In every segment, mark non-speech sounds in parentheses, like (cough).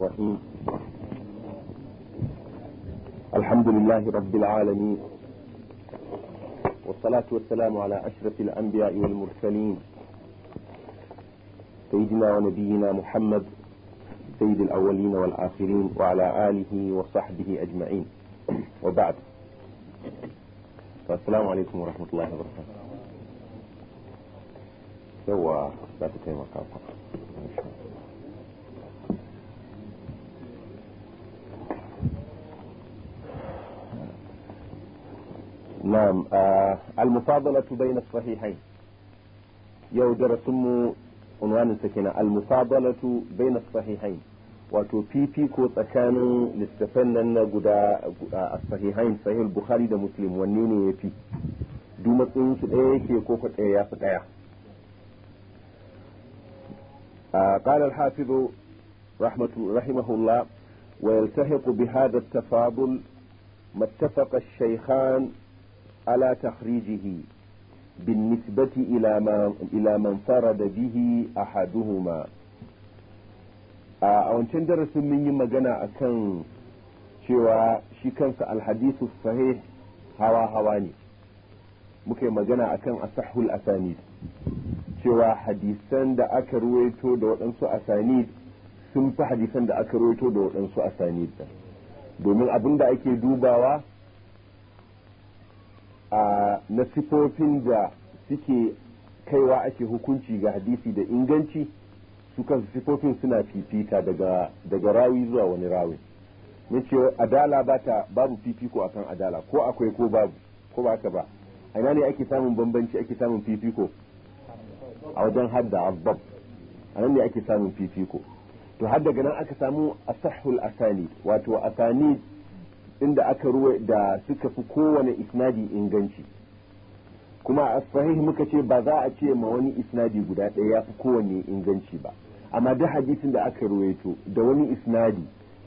الرحيم الحمد لله رب العالمين والصلاة والسلام على أشرف الأنبياء والمرسلين سيدنا ونبينا محمد سيد الأولين والآخرين وعلى آله وصحبه أجمعين وبعد السلام عليكم ورحمة الله وبركاته سوى لا تتمكن نعم آه، المفاضلة بين الصحيحين يو درسم عنوان السكينة المفاضلة بين الصحيحين واتو في في كو تكانو لستفنن قدا آه، الصحيحين صحيح البخاري دا مسلم ونيني يفي دوما تنسو ايه كي كوكت ايه يا إيه. آه، قال الحافظ رحمة رحمه الله ويلتحق بهذا التفاضل ما اتفق الشيخان على تخريجه بالنسبة إلى ما إلى من فرد به أحدهما a wancan darasin mun yi magana a kan cewa shi kansa alhadisu sahih hawa-hawa ne muka yi magana a kan asahul asanid cewa hadisan da aka ruwaito da waɗansu asanid sun fi hadisan da aka ruwaito da waɗansu asanid domin abin da ake dubawa na sifofin da suke kaiwa ake hukunci ga hadisi da inganci su kansu sifofin suna fifita daga rawi zuwa wani rawi ce adala bata babu fifiko a kan adala ko akwai ko babu ko ba ka ba a ina ne ake samun bambanci ake samun fifiko a wajen hadda abbab a nan ne ake samun fifiko to har daga nan aka samu asahul asani wato asani inda aka ruwa da suka fi kowane isnadi inganci kuma a sahih muka ce ba za a ce ma wani isnadi guda ɗaya ya fi kowane inganci ba amma duk hadisin da aka ruwaito da wani isnadi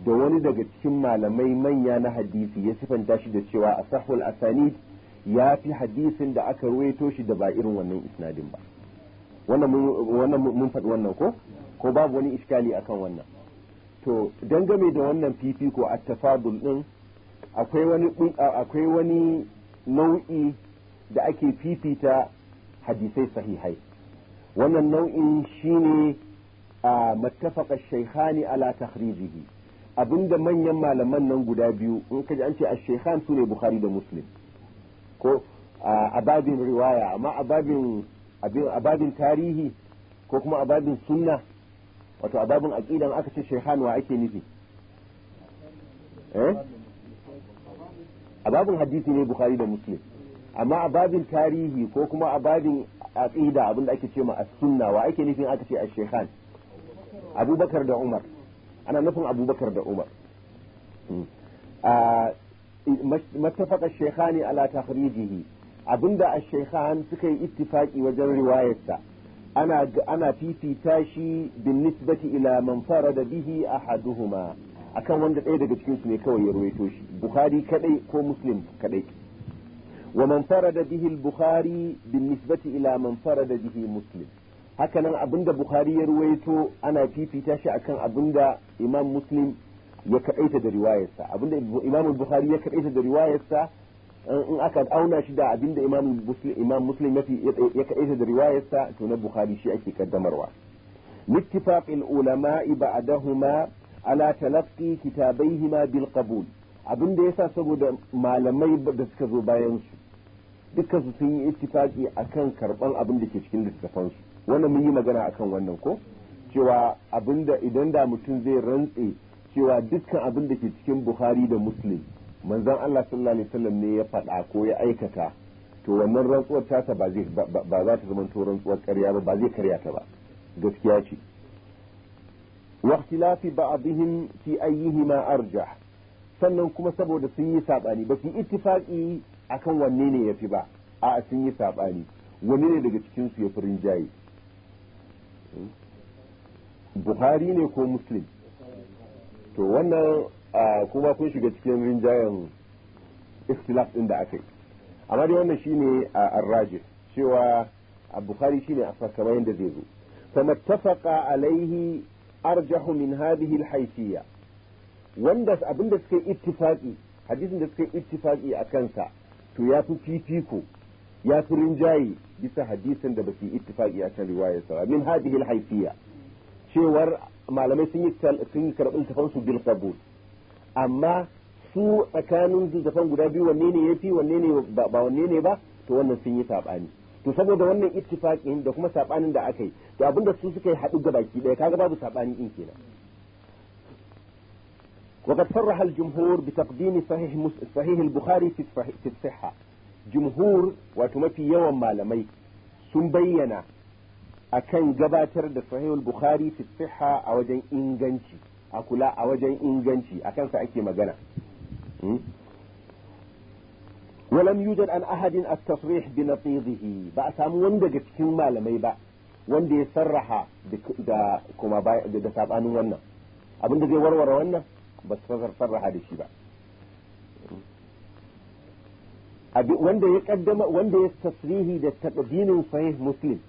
da wani daga cikin malamai manya na hadisi ya sifanta shi da cewa a sahul asanid ya fi hadisin da aka ruwaito shi da ba irin wannan isnadin ba wannan mun faɗi wannan ko ko babu wani iskali akan wannan to dangane da wannan fifiko a tafadul din akwai wani akwai wani nau'i da ake fifita hadisai sahihai wannan nau'in shine a mattafaqa shaykhani ala takhrijihi abinda manyan malaman nan guda biyu in kaji an ce ash-shaykhan sune bukhari da muslim ko a riwaya amma ababin tarihi ko kuma ababin sunna wato ababin babin aka ce shaykhan wa ake nufi eh a babin hadisi ne bukhari da muslim amma a babin tarihi ko kuma a babin aqida abinda ake ce ma as-sunna wa ake nufin aka ce ash-shaykhan abubakar da umar ana nufin abubakar da umar hmm. matafaka shekhani ala takhrijihi abinda a shekhan suka yi ittifaki wajen riwayarsa ana fifita shi bin nisbati ila man farada bihi ahaduhuma akan wanda ɗaya daga cikin su ne kawai ya ruwaito shi bukhari kadai ko muslim kadai wa man farada bihi al-bukhari bin nisbati ila man farada bihi muslim hakanan abinda bukhari ya ruwaito ana fifita shi akan abinda imam muslim ya kadaita da riwayarsa abinda imam bukhari ya kadaita da riwayarsa in aka auna shi da abinda imam muslim imam muslim ya kadaita da riwayarsa to na bukhari shi ake kaddamarwa littifaqil ulama'i ba'dahuma ala talaqqi kitabaihima bil qabul abin da yasa saboda malamai da suka zo bayan su dukkan su sun yi ittifaqi akan karban abin da ke cikin littafan su wannan mun yi magana akan wannan ko cewa abin da idan da mutum zai rantse cewa dukkan abin da ke cikin Bukhari da Muslim manzon Allah sallallahu alaihi wasallam ne ya faɗa ko ya aikata to wannan rantsuwar tasa ba zai za ta zama to rantsuwar ƙarya ba ba zai karya ta ba gaskiya ce واختلاف بعضهم في أيهما أرجح sannan kuma saboda sun yi saɓani ba su yi ittifaƙi a kan wanne ne ya fi ba a sun yi saɓani wanne ne daga cikinsu ya fi rinjaye buhari ne ko muslim to wannan kuma kun shiga cikin rinjayen ikhtilaf ɗin da aka yi amma dai wannan shine a arraji cewa a buhari shine a sakamai da zai zo فما اتفق arjahu min hadhihi alhaythiyya wanda abinda suka yi ittifaqi hadisin da suka yi ittifaqi a kansa to ya fi fifiko ya fi rinjaye bisa hadisin da ba su yi ittifaqi a kan riwayarsa ba min hadhihi alhaythiyya cewar malamai sun yi sun yi karbin tafansu bil qabul amma su tsakanin zuzafan guda biyu wanne ne yafi wanne ne ba wanne ne ba to wannan sun yi sabani to saboda wannan ittifaqin da kuma sabanin da aka yi to abinda su suka yi haɗu gabaki ɗaya kaga babu sabani din kenan وقد صرح الجمهور بتقديم صحيح صحيح البخاري في في الصحة جمهور وتمفي yawan malamai sun bayyana akan gabatar da sahih al-bukhari fi sihha a wajen inganci a kula a wajen inganci akan sa ake magana hmm? ولم يوجد عن أحد التصريح بنقيضه بأسام وندق تكين ما لم يبا wanda ya sarraha da kuma da sabanin wannan abin da zai warware wannan ba su sarraha da shi ba wanda ya kaddama wanda ya tasrihi da taqdimin sahih muslim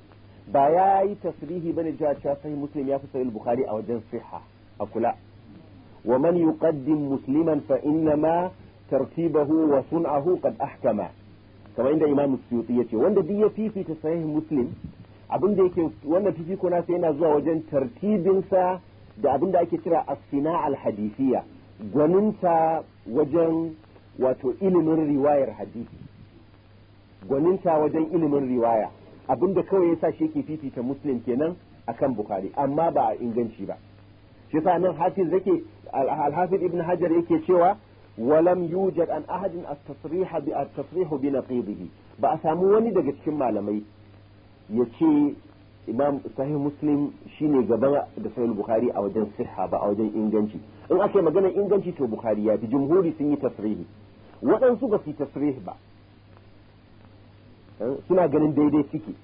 ba ya yi tasrihi bane cewa cewa sahih ya fi sahih bukhari a wajen siha a kula wa man yuqaddim musliman fa ma tartibahu wa sun'ahu qad ahkama kamar inda Imam Suyuti yace wanda duk ya fifita sahih Muslim abin da yake wannan fifiko na sai yana zuwa wajen tartibin sa da abin da ake kira as-sina al-hadithiyya gwaninta wajen wato ilimin riwayar hadisi gwaninta wajen ilimin riwaya abinda kawai yasa shi yake fifita Muslim kenan akan Bukhari amma ba a inganci ba shi sa nan Hafiz yake Al-Hafiz Ibn Hajar yake cewa walam ولم يوجد أن أحد التصريح ba a بأسامو wani daga cikin malamai yace Imam Sahih Muslim shine gaba da Sahih Bukhari a wajen sihha ba a wajen inganci in ake magana inganci to Bukhari ya fi jumhuri sun yi tasrihi waɗansu ba su ba suna ganin daidai suke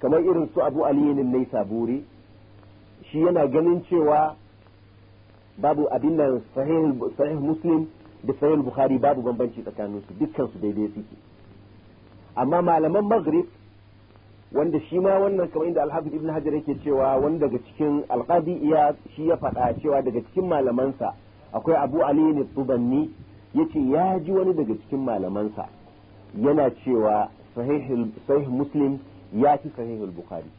kamar irin su Abu Ali ne Saburi shi yana ganin cewa babu abin nan sahih muslim da sahih bukhari babu bambanci tsakanin su dukkan su daidai suke amma malaman maghrib wanda shi ma wannan kamar inda alhafiz ibn hajar yake cewa wanda daga cikin alqadi iya shi ya faɗa cewa daga cikin malamansa akwai abu ali ne tubanni yace ya ji wani daga cikin malamansa yana cewa sahih muslim ya fi sahih bukhari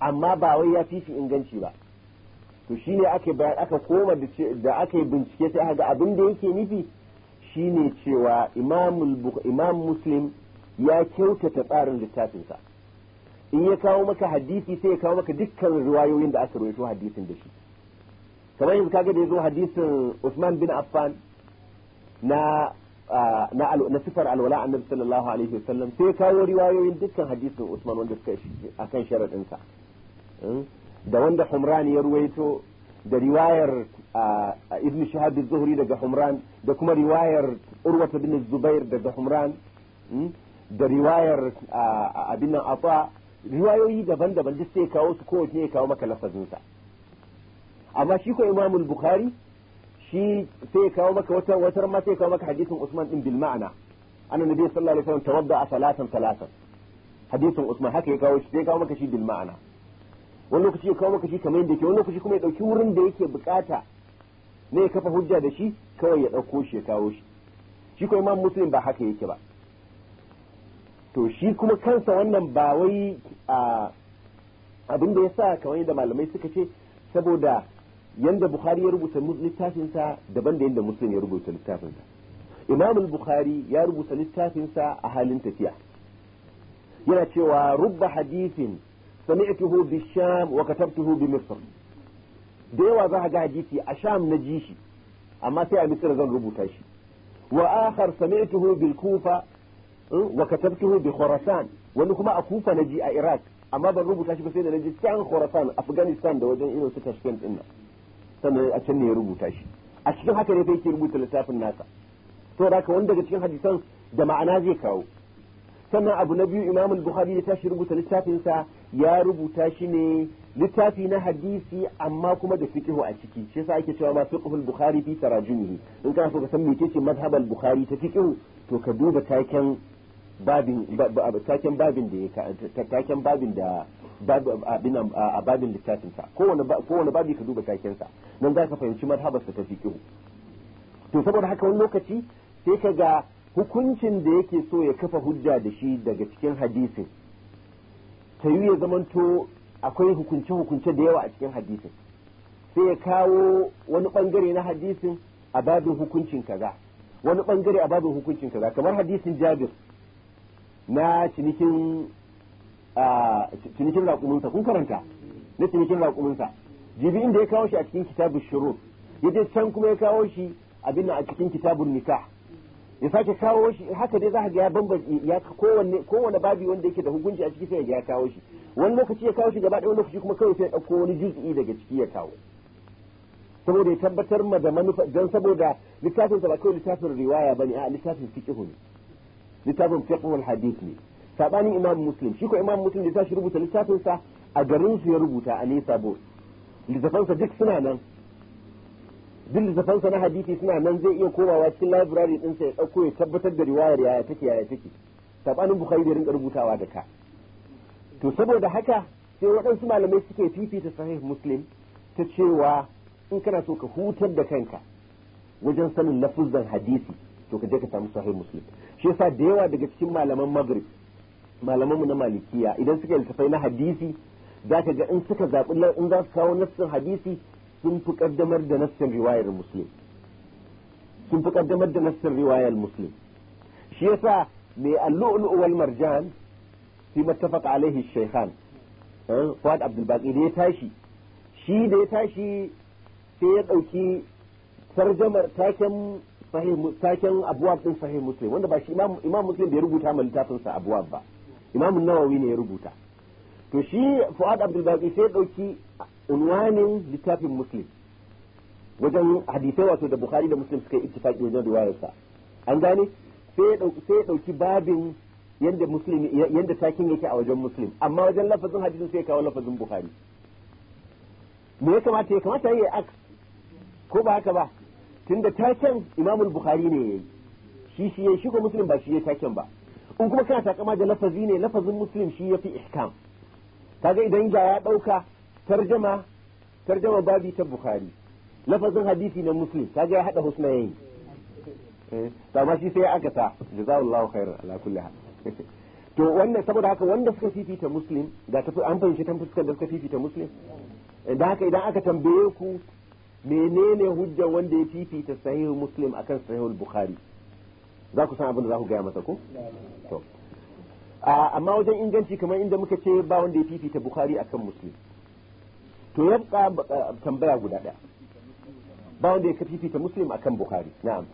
amma ba wai ya fi shi inganci ba to shine ake bayan aka koma da aka yi bincike sai aka ga abin da yake nufi ne cewa imam muslim ya kyautata tsarin littafinsa in ya kawo maka hadisi sai ya kawo maka dukkan riwayoyin da aka rawaito hadisin da shi kamar yanzu kaga da zo hadisin Usman bin Affan na na na sifar alwala annabi sallallahu alaihi wasallam sai kawo riwayoyin dukkan hadisin Usman wanda suka akan sharadin sa hmm? da wanda humran ya ruwaito da riwayar ibn shahab az-zuhri daga humran da kuma riwayar urwa bin zubair daga humran da riwayar abin nan afa riwayoyi daban-daban duk sai kawo su kowace ya kawo maka lafazinsa amma shi ko imamul bukhari shi sai ya kawo maka wata watar ma sai ya kawo maka hadisin usman din bil ma'ana anna nabi sallallahu alaihi wasallam tawadda salatan salatan hadisin usman haka ya kawo shi sai ya kawo maka shi bil ma'ana wani lokaci ya kawo maka shi kamar yadda yake wani lokaci kuma ya ɗauki wurin da yake bukata na ya kafa hujja da shi kawai ya ɗauko shi ya kawo shi shi kuma imam muslim ba haka yake ba to shi kuma kansa wannan ba wai abin da ya sa kamar yadda malamai suka ce saboda yanda bukhari ya rubuta littafinsa daban da yanda muslim ya rubuta littafinsa imam bukhari ya rubuta littafinsa a halin tafiya yana cewa rubba hadisin سمعته بالشام وكتبته بمصر ديوا ذا جاء جيتي أشام نجيشي أما سيع مصر ذا ربوتاشي وآخر سمعته بالكوفة وكتبته بخرسان ونكما أكوفة نجي آه، إيراك أما ذا ربوتاشي بسينا نجي سعن خرسان أفغانستان دا وجان إلو ستشكين إنا سنة أشني ربوتاشي أشكين حتى يفيكي ربوت لتاف الناس تو راك وندك أشكين حديثان دا معنا ذيكاو سنة أبو نبي إمام البخاري لتاشي ربوت لتاف ya rubuta shi ne littafi na hadisi amma kuma da fiqhu a ciki shi yasa ake cewa ma fiqhu al-bukhari fi tarajumihi in kana so ka san mece ce madhhab al-bukhari ta fiqhu to ka duba taken babin taken babin da ya taken babin da abin a babin littafin sa kowane wani babi ka duba taken sa nan za ka fahimci madhhabar sa ta fiqhu to saboda haka wani lokaci sai ka ga hukuncin da yake so ya kafa hujja da shi daga cikin hadisin ta yi ya zamanto akwai hukunce-hukunce da yawa a cikin hadisin sai ya kawo wani bangare na hadisin a babin hukuncin kaza wani bangare a babin hukuncin kaza kamar hadisin jabir na cinikin cinikin raƙuminsa kun karanta na cinikin raƙuminsa jibi inda ya kawo shi a cikin kitabun shuru ya can kuma ya kawo shi abin a cikin kitabun nikah ya sake kawo shi haka dai za ga ya bambam ya kowanne kowanne babi wanda yake da hukunci a ciki sai ya kawo shi wani lokaci ya kawo shi gaba ɗaya wani lokaci kuma kawai sai ya ɗauko wani juz'i daga ciki ya kawo saboda ya tabbatar ma da manufa dan saboda littafin ba kawai littafin riwaya bane a littafin fiqh ne littafin fiqh wal hadith ne sabanin imam muslim shi ko imam muslim da tashi rubuta littafin sa a garin su ya rubuta a nesa bo sa duk suna nan duk littafansa na hadisi suna nan zai iya komawa cikin library ɗinsa ya ɗauko ya tabbatar da riwayar yaya take yaya take sabanin bukhari da rinka rubutawa da ka to saboda haka sai waɗansu malamai suke fifita sahih muslim ta cewa in kana so ka hutar da kanka wajen sanin lafuzan hadisi to ka je ka samu sahih muslim shi yasa da yawa daga cikin malaman maghrib malamanmu na malikiya idan suka littafai na hadisi zaka ga in suka zaɓi in za su kawo nassin hadisi sun fi kaddamar da nassin riwayar muslim sun fi kaddamar da nassin riwayar muslim shi yasa mai allu'ulu wal marjan fi mattafaq alaihi shaykhan eh, Fuad Abdul Baqi da ya tashi shi da ya tashi sai ya dauki tarjamar taken sahih taken abwab din sahih muslim wanda ba shi imam imam muslim bai rubuta ma littafin sa abwab ba imam an-nawawi ne ya rubuta to shi Fuad Abdul Baqi sai ya dauki unwanin littafin muslim wajen hadisai wato da bukhari da muslim suka yi ittifaqi wajen riwayarsa an gane sai ya dauki babin yanda muslim yanda takin yake a wajen muslim amma wajen lafazin hadisin sai ya kawo lafazin bukhari me ya kamata ya kamata yayi aks ko ba haka ba tunda taken imamul bukhari ne yayi shi shi yayi shi ko muslim ba shi yayi taken ba in kuma kana takama da lafazi ne lafazin muslim shi yafi ihkam kaga idan ga ya dauka tarjama tarjama babi ta bukhari lafazin hadisi na muslim kaga ya hada husnayn eh, to amma shi sai ya ta jazakallahu khairan ala kulli hal (laughs) to wannan saboda haka wanda suka fifita muslim ga tafi an fahimci tan fuskar da suka fifita muslim da haka idan aka tambaye ku menene hujjar wanda ya fifita sahihu muslim akan sahihul bukhari za ku san abin da za ku gaya masa ko to amma wajen inganci kamar inda muka ce ba wanda ya fifita bukhari akan muslim to yabqa tambaya guda daya ba wanda ya fifita muslim akan bukhari na'am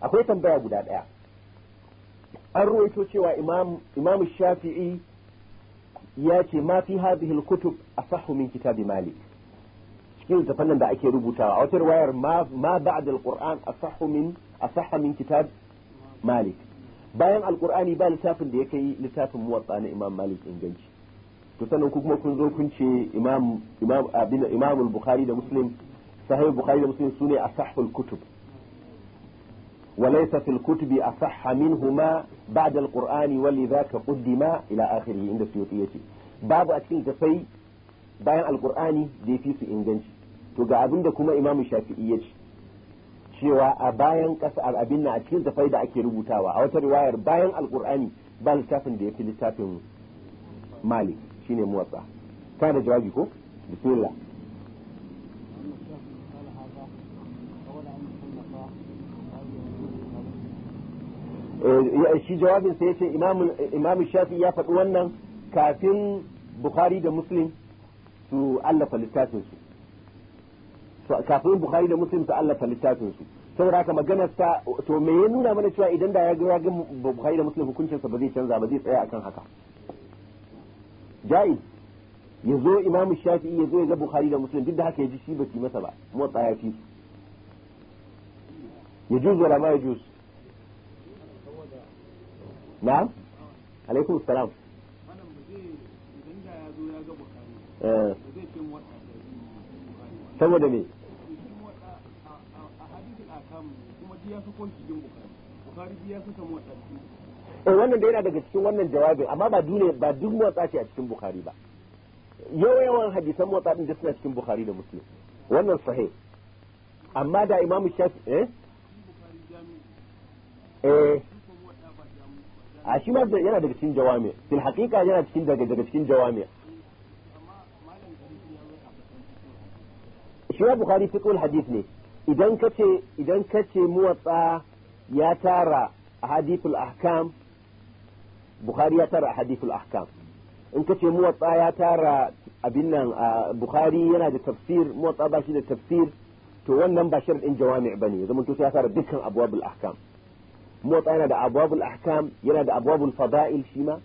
akwai tambaya guda daya an ruwaito cewa imamu imam shafi'i ya ce ma fi hadhihi alkutub asahhu min kitab malik cikin zafannan da ake rubutawa a wata riwayar ma ba'd alquran asahhu min asahha min kitab malik bayan alqurani ba littafin da ya kai littafin muwatta na imam malik inganci to sannan ku kuma kun zo kun ce imam imam abin imam al-bukhari da muslim sahih bukhari da muslim sune asahhul kutub وليس في الكتب أصح منهما بعد القرآن ولذاك قدم إلى آخره عند babu a cikin tafai bayan alkur'ani da ya fi su inganci to ga abinda kuma imamu shafi'i ya cewa a bayan kasa abin na a cikin tafai da ake rubutawa a wata riwayar bayan alkur'ani ba littafin da ya fi littafin malik shine muwatsa. ta da jawabi ko bismillah eh, shi jawabin sai yace imam shafi ya faɗi wannan kafin bukhari da muslim su allafa littafinsu. su kafin bukhari da muslim su allafa littafinsu. su saboda haka maganar ta to me ya nuna mana cewa idan da ya ga bukhari da muslim hukuncinsa ba zai canza ba zai tsaya akan haka jaiz ya zo imamu shafi'i ya zo ya ga bukhari da muslim duk da haka ya ji shi baki masa ba motsa ya fi ya juz wala ma ya juz na'am alaikum salam eh. saboda me a hadisin akam kuma ya fi kwanci jin bukari bukari ji ya fi samu a eh wannan da yana daga cikin wannan jawabin amma ba dune ba duk motsa ce a cikin bukhari ba yawa yawan hadisan motsa din da suna cikin bukhari da muslim wannan sahi amma da imamu shafi eh eh a shi ma yana daga cikin jawami fil haqiqa yana cikin daga daga cikin jawami shi ma bukhari fiqhul hadith ne idan kace idan kace muwatsa ya tara hadithul ahkam bukhari ya tara hadithul ahkam in kace muwatta ya tara abin nan bukhari yana da tafsir muwatta ba shi da tafsir to wannan ba sharadin jawami' bane zaman to ya tara dukkan abwabul ahkam muwatta yana da abwabul ahkam yana da abwabul fada'il shi ma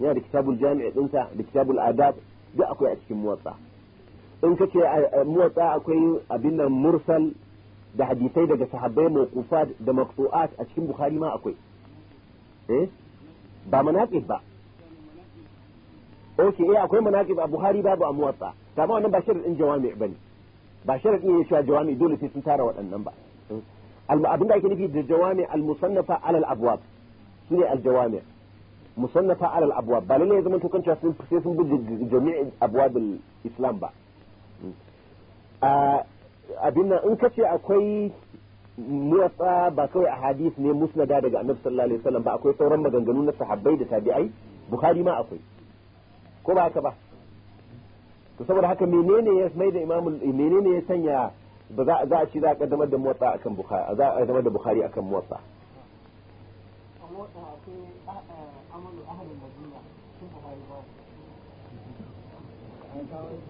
yana da kitabul jami' dinsa da kitabul adab duk akwai a cikin muwatta in kace muwatta akwai abin nan mursal da hadisai daga sahabbai mawqufat da maqtu'at a cikin bukhari ma akwai eh ba manaqib ba okay eh akwai manaqib a Buhari babu a Muwatta kama wannan ba sharadin jawami bane ba sharadin ya cewa jawami dole sai sun tara waɗannan ba abin da ake nufi da jawami al-musannafa ala al-abwab sune al-jawami musannafa ala al-abwab ba lalle ya zama to kan cewa sun sai sun bi jami'in abwab al-islam ba abin nan in kace akwai motsa ba kawai a hadis ne musnada daga annabi sallallahu alaihi wasallam ba akwai sauran maganganu na sahabbai da tabi'ai bukhari ma akwai ko ba haka ba to saboda haka menene ya mai da imamu menene ya sanya ba za za a ci za a kaddamar da motsa akan bukhari za a kaddamar da bukhari akan Motsa. a muwatsa akwai amalu ahlul madina sun bukhari ba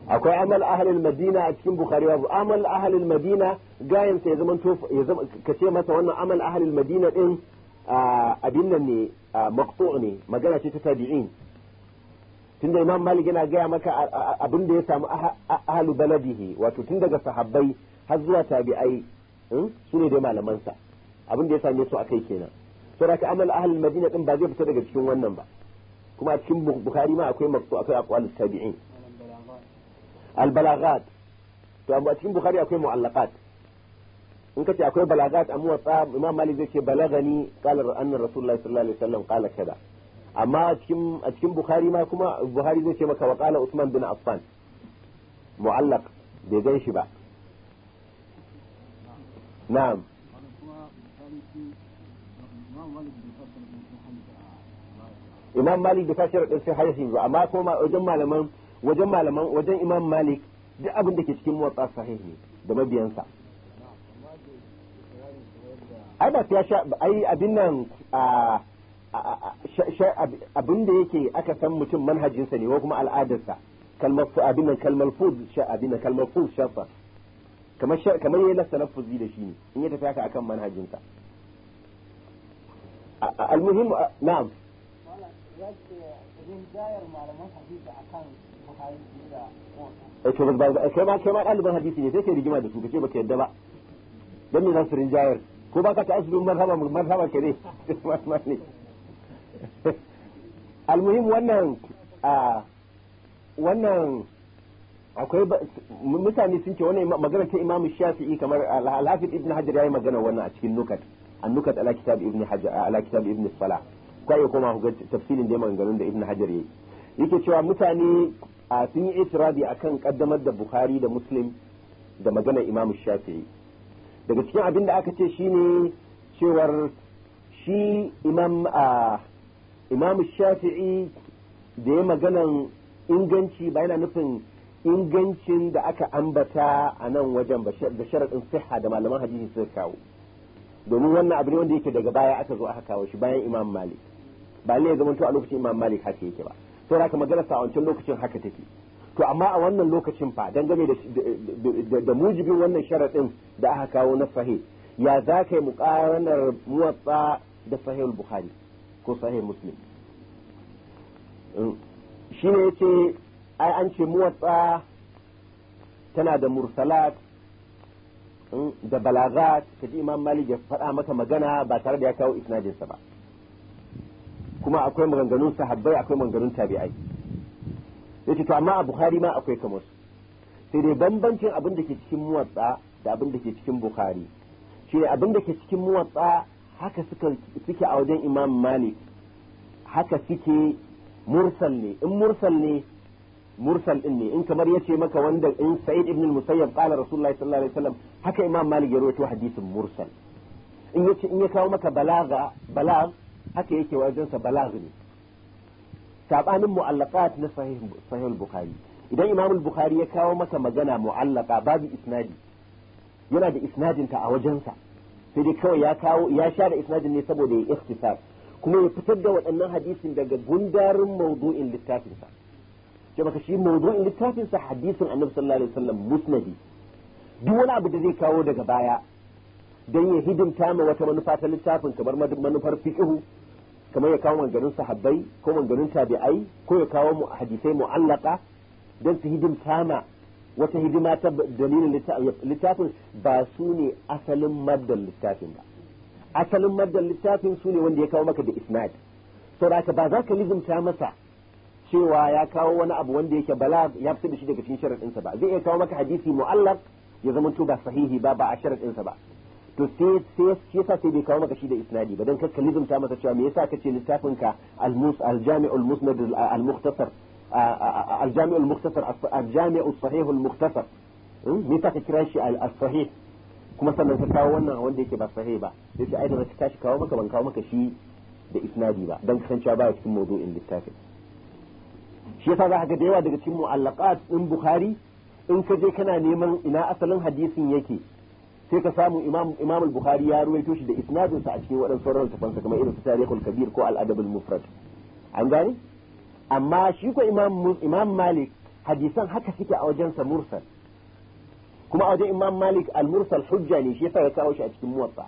akwai amal ahalil madina a cikin bukhari babu amal ahalil madina gayan sai zaman ya zama ka ce masa wannan amal ahalil madina din abin nan ne maqtu ne magana ce ta tabi'in tunda imam malik yana gaya maka abin da ya samu ahalu baladihi wato tun daga sahabbai har zuwa tabi'ai hmm, su ne dai malamansa abin da ya same su akai kenan da ka amal ahalil madina din ba zai fita daga cikin wannan ba kuma a cikin bukhari ma akwai maqtu akwai aqwal tabi'in albalagat to amma cikin bukhari akwai mu'allaqat in kace akwai balagat amma wasa imam malik zai ce balagani qala anna rasulullahi sallallahu alaihi wasallam qala kaza amma cikin a cikin bukhari ma kuma bukhari zai ce maka wa qala usman bin affan mu'allaq bai gan shi ba na'am imam malik da fashir din sai ba amma kuma wajen malaman wajen malaman wajen imam malik duk abin da ke cikin motsa sahih ne da mabiyansa ai ba ta sha ai abin nan abin da yake aka san mutum manhajinsa ne ko kuma al'adarsa kalmar fu abin nan kalmar fud sha abin nan kalmar fud shafa kamar kamar yayin da sanaffuzi da shi ne in ya tafi haka akan manhajinsa al-muhim na'am rinjayar malaman hadisi akan ai eh, to ba kai ma kai ma ɗaliban hadisi ne sai kai rigima da su kace baka yadda ba dan me za su rinjayar ko ba ka ta asibin marhaba marhaba ka ne (laughs) (laughs) almuhim wannan a wannan akwai mutane sun ce wannan magana ta imamu shafi'i kamar al-hafiz ibn hajar yayi magana wannan a cikin nukat an-nukat ala kitab ibn hajar ala kitab ibn salah kai ya koma ga tafsirin da maganganun da ibn hajar yayi yake cewa mutane a sun yi itirabi akan kaddamar da bukhari da muslim da maganar imam shafi'i daga cikin abin da aka ce shi ne cewar shi imam shafi'i da ya maganan inganci ba yana nufin ingancin da aka ambata a nan wajen da sharaɗin siha da malaman hadisi suka kawo domin wannan abu wanda yake daga baya aka zo aka kawo shi bayan imam malik ba ne ya to a lokacin imam malik haka yake ba saboda ka magana sa wancan lokacin haka take to amma a wannan lokacin fa dangane da da mujibin wannan sharaɗin da aka kawo na sahih ya za ka yi muƙaranar muwatsa da sahih bukhari ko sahih muslim mm. shi ne yace ai an ce muwatsa tana da mursalat mm, da balagat kaji imam malik ya faɗa maka magana ba tare da ya kawo isnadinsa ba kuma akwai maganganun sahabbai akwai maganganun tabi'ai yace to amma a bukhari ma akwai kamar su sai dai bambancin abin da ke cikin muwatsa da abin da ke cikin bukhari shi abin da ke cikin muwatsa haka suka suke a wajen imam malik haka suke mursal ne in mursal ne mursal din ne in kamar yace maka wanda in sa'id ibn al-musayyab qala rasulullahi sallallahu alaihi wasallam haka imam malik ya rawaito hadisin mursal in yace in ya kawo maka balaga balag haka yake wajensa balagh ne sabanin mu'allaqat na sahih sahih bukhari idan imam bukhari ya kawo maka magana mu'allaqa babu isnadi yana da isnadin ta a wajensa sai dai kawai ya kawo ya share isnadin ne saboda ya ikhtisar kuma ya fitar da waɗannan hadisin daga gundarin mawdu'in sa ce maka shi mawdu'in littafinsa hadisin annabi sallallahu alaihi wasallam musnadi duk wani abu da zai kawo daga baya don ya hidimta ma wata manufa ta littafin kamar manufar fiƙihu kamar ya kawo manganin sahabbai ko manganin tabi'ai ko ya kawo hadisai mu'allaka don su hidimta ma wata hidima ta dalilin littafin ba su ne asalin maddan littafin ba asalin maddan littafin su ne wanda ya kawo maka da isnad saboda ba za ka lizumta masa cewa ya kawo wani abu wanda yake bala ya fita da shi daga cikin sharaɗinsa ba zai iya kawo maka hadisi mu'allaq ya zama to ba sahihi ba ba a sharaɗinsa ba to sai sai shi yasa sai bai kawo maka shi da isnadi ba dan ka kalizumta masa cewa me yasa kace littafin ka al-mus al-jami' al-musnad al-mukhtasar al-jami' al-mukhtasar al-jami' al-sahih al-mukhtasar me yasa ka kira shi al-sahih kuma sannan ka kawo wannan wanda yake ba sahih ba sai sai aidan ka tashi kawo maka ban kawo maka shi da isnadi ba dan kasancewa ba ya cikin mawdu'in littafin shi yasa za ka ga da yawa daga cikin mu'allaqat din bukhari um er in ka je kana neman ina asalin hadisin yake sai ka samu imam al-bukhari ya ruwaito shi da isnadin sa a cikin waɗansu sauran tafansa kamar irin su tarihul kabir ko al-adab al-mufrad an gane amma shi ko imam imam malik hadisan haka suke a wajen sa mursal kuma a wajen imam malik al-mursal hujja ne shi yasa ya kawo shi a cikin muwatta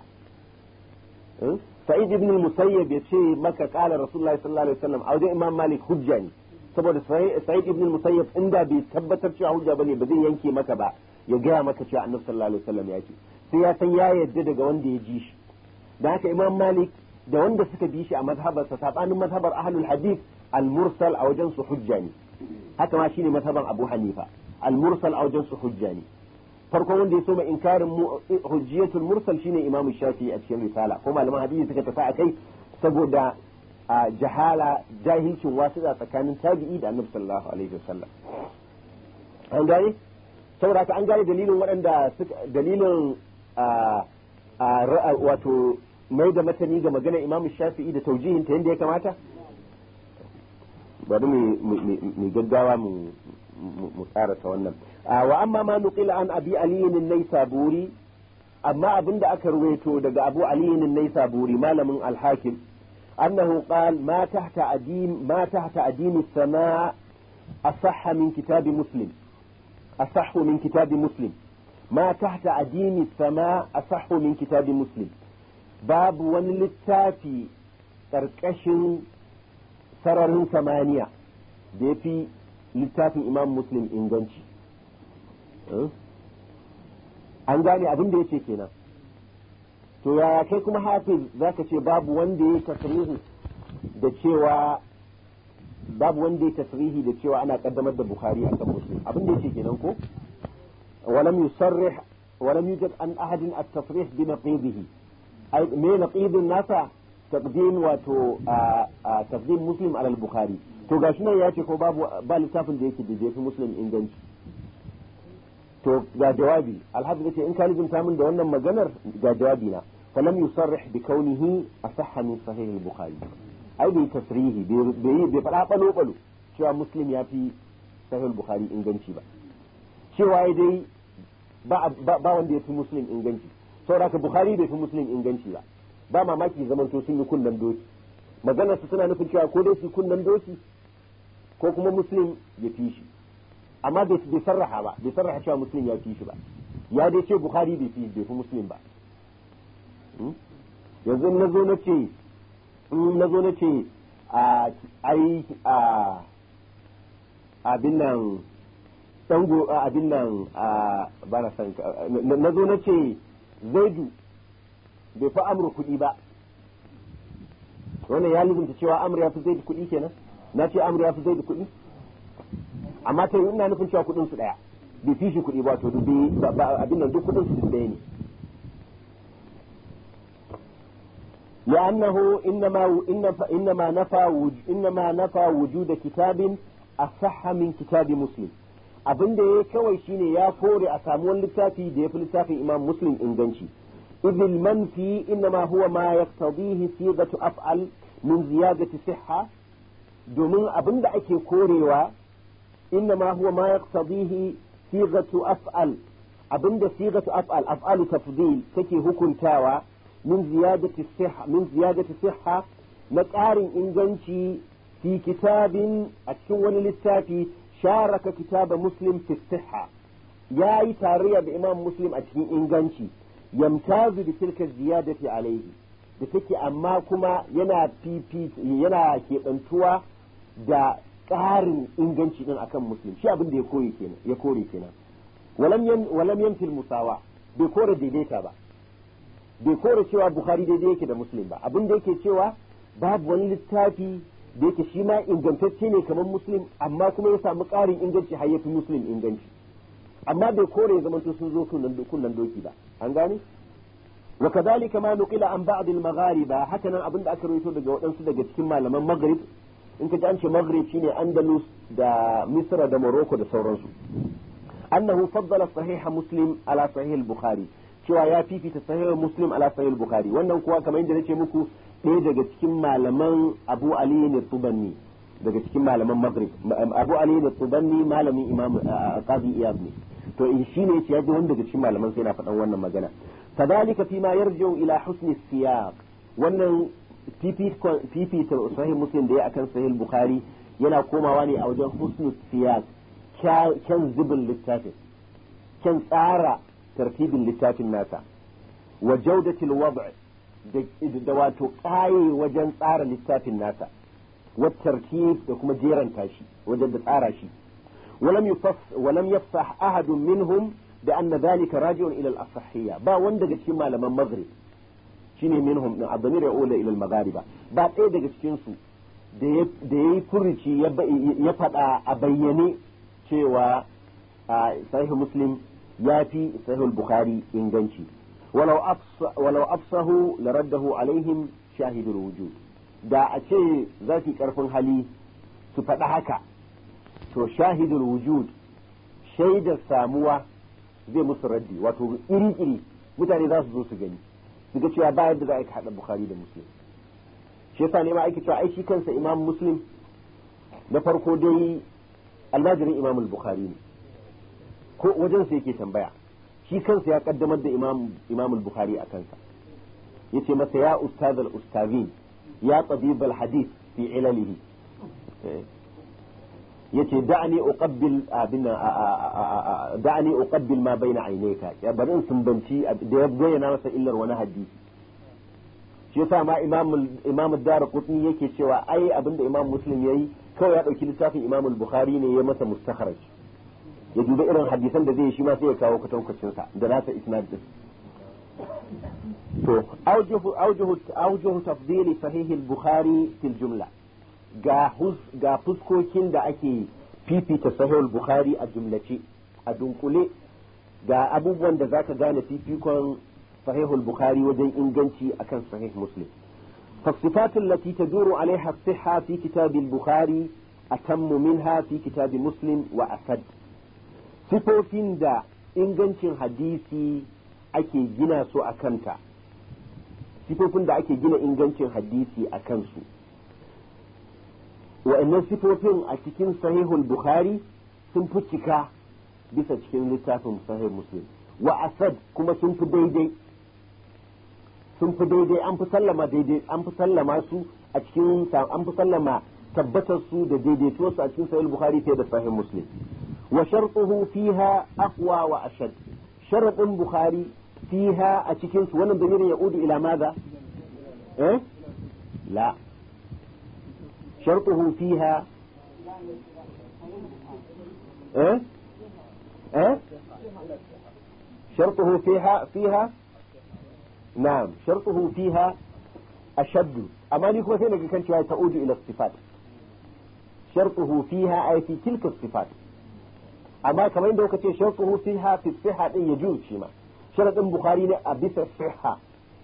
hmm? sa'id ibn al-musayyib ya ce maka qala rasulullahi sallallahu alaihi wasallam a wajen imam malik hujja ne saboda sa'id ibn al-musayyib inda bai tabbatar cewa hujja bane ba zai yanke maka ba ya gaya maka cewa annabi sallallahu alaihi wasallam ya ce sai ya san ya yarda daga wanda ya ji shi da haka imam malik da wanda suka bi shi a mazhabarsa sabanin mazhabar ahlul hadith al-mursal a wajen su hujja ne haka ma shine mazhaban abu hanifa al-mursal a wajen su hujja ne farkon wanda ya soma inkarin hujjiyatul mursal shine imam shafi a cikin risala ko malaman hadisi suka tafi kai saboda a jahala jahilcin wasiƙa tsakanin tabi'i da annabi sallallahu alaihi wasallam an gane saboda an gane dalilin waɗanda dalilin a wato mai da matani ga magana imamu shafi'i da taujihin ta yadda ya kamata bari mu gaggawa mu karasa wannan wa amma ma nukila an abi nai saburi amma abinda aka ruweto daga abu nai saburi malamin alhakim annahu qala ma tahta adim ma tahta adim as-sama' a min kitab muslim asahhu min kitab muslim ma tahta adini sama a min kitabi muslim babu wani littafi ƙarƙashin sararin samaniya da ya fi littafin imam muslim inganci an gane abin da ya ce kenan to yaya kai kuma hafiz za ka ce babu wanda ya tasirihi da cewa babu wanda ya tasirihi da cewa ana kaddamar da bukhari a kan muslim abin da ya ce kenan ko ولم يصرح ولم يوجد أن أحد التصريح بنقيضه أي ما نقيض الناس تقديم وتو تقديم مسلم على البخاري to gashi ya ce ko babu ba littafin da yake da jefi muslim inganci to ga jawabi alhaji yace in ka lizimta min da wannan maganar ga jawabi na falam yusarrih bi kaunihi asahha min sahih al-bukhari ai bai tasrihi bai bai fada balo balo cewa muslim ya fi sahih al inganci ba cewa dai ba ba wanda ya fi musulun inganci da ka bukhari bai fi musulun inganci ba ba mamaki zaman to sun yi kunnan doki maganar su suna nufin cewa ko dai su kunnan doki ko kuma musulun ya fi shi amma bai sarraha ba bai sarraha cewa musulun ya fi shi ba ya dai ce bukhari bai fi bai fi ba hmm? yanzu na zo na ce na zo na ce a ai a abin nan dango a abin nan a bana san na zo na ce zaidu bai fa amru kuɗi ba wannan ya lizinta cewa amru ya fi zaidu kuɗi kenan na ce amru ya fi zaidu kuɗi amma ta yi ina nufin cewa kudin su ɗaya bai fi shi kuɗi ba to dubi abin nan duk kudin su ɗaya ne لأنه إنما إنما نفى إنما نفى وجود كتاب أصح من كتاب مسلم abin da ya kawai shine ya kore a samu wani littafi da ya fi littafin imam muslim inganci idil manfi ma huwa ma yaqtadihi sigatu af'al min ziyadati sihha domin abin da ake korewa inna ma huwa ma yaqtadihi sigatu af'al abin da sigatu af'al af'al tafdil take hukuntawa min ziyadati sihha min ziyadati sihha na ƙarin inganci fi kitabin a cikin wani littafi sharaka kitaba muslim fi siha ya yi tarayya da imam muslim a cikin inganci yamtazu bi tilka ziyadati alaihi da take amma kuma yana fifi yana da ƙarin inganci din akan muslim shi abin da ya kore kenan ya kore kenan walam yan walam musawa bai kore daidaita ba bai kore cewa bukhari daidai yake da muslim ba abin da yake cewa babu wani littafi da yake shi ma ingantacce ne kamar muslim amma kuma ya samu ƙarin inganci har yafi muslim inganci amma bai kore zaman to sun zo kunnan doki ba an gane wa kadhalika ma nuqila an ba'd al maghariba haka nan abinda aka rawaito daga waɗansu daga cikin malaman maghrib in ka ji an ce maghrib shine andalus da misra da morocco da sauransu annahu faddala sahiha muslim ala sahih al bukhari cewa ya fifita sahih muslim ala sahih bukhari wannan kuwa kamar yadda nace muku ɗaya daga cikin malaman abu ali ne tubanni daga cikin malaman maghrib abu ali ne tubanni malamin imam qadi iyad ne to in eh, shine yace yaji wanda daga cikin malaman sai na faɗan wannan magana kadalika fi ma yarju ila husni siyaq wannan fifi ta sahih muslim da ya akan sahih bukhari yana komawa ne a wajen husni siyaq kyan zubin littafin kyan tsara tartibin littafin nasa wa jawdatil wad'i da wato ƙaye wajen tsara littafin nasa والترتيب da kuma jeranta shi wajen da tsara shi walam yufas walam yafsah minhum da anna dhalika raji'un ila al-asahiyya ba wanda daga cikin malaman maghrib shine minhum ɗin abamir ya ula ila al ba ɗaya daga cikinsu su da yayi furuci ya faɗa a bayyane cewa sahih muslim yafi sahih al-bukhari inganci ولو أبص ولو أبصه لرده عليهم شاهد الوجود da a ce za karfin hali su faɗa haka to shahidul wujud shaidar samuwa zai musu raddi wato iri-iri mutane za su zo su gani su ga cewa bayan da za a yi haɗa bukhari da muslim shi yasa ne ma ake cewa kansa imam muslim na farko dai almajirin imamul bukhari ne ko wajen sa yake tambaya shi kansa ya kaddamar da imam al-bukhari a kansa yace masa ya ustaz al-ustazin ya tabib al-hadith fi ilalihi eh. yace da'ani uqabbil abina da'ani uqabbil ma baina aineka ya bari in sumbanci da ya bayyana masa illar wani hadisi shi yasa ma imam imam ad-darqutni yake cewa ai abinda imam muslim yayi kawai ya dauki littafin imam al-bukhari ne ya masa mustakhraj ya duba irin hadisan da zai shi ma sai ya kawo kwatankwacin sa da nasa isnad din to awjuhu awjuhu awjuhu tafdili sahih al-bukhari fil jumla ga ga fuskokin da ake fifita sahih al-bukhari a jumlace a dunkule ga abubuwan da zaka gane fifikon sahih al-bukhari wajen inganci akan sahih muslim فالصفات التي تدور عليها الصحة في كتاب البخاري أتم منها في كتاب مسلم وأسد sifofin da ingancin hadisi ake gina su a kanta sifofin da ake gina ingancin hadisi a kansu wa'annan sifofin a cikin sahihul bukhari sun fi cika bisa cikin littafin sahih muslim wa asad kuma sun fi daidai sun fi daidai an fi sallama daidai an fi sallama su a cikin an fi sallama tabbatar su da daidaituwar su a cikin sahih bukhari fiye da sahih muslim وشرطه فيها أقوى وأشد شرط البخاري فيها أتكنس ولم ضمير يعود إلى ماذا إيه؟ لا شرطه فيها إيه؟ إيه؟ شرطه فيها فيها نعم شرطه فيها أشد أما نكون فينا كان تعود إلى الصفات شرطه فيها أي في تلك الصفات amma kamar yadda ce shartuhu fiha fi sihha din yajuz shi ma sharadin bukhari ne a bisa sihha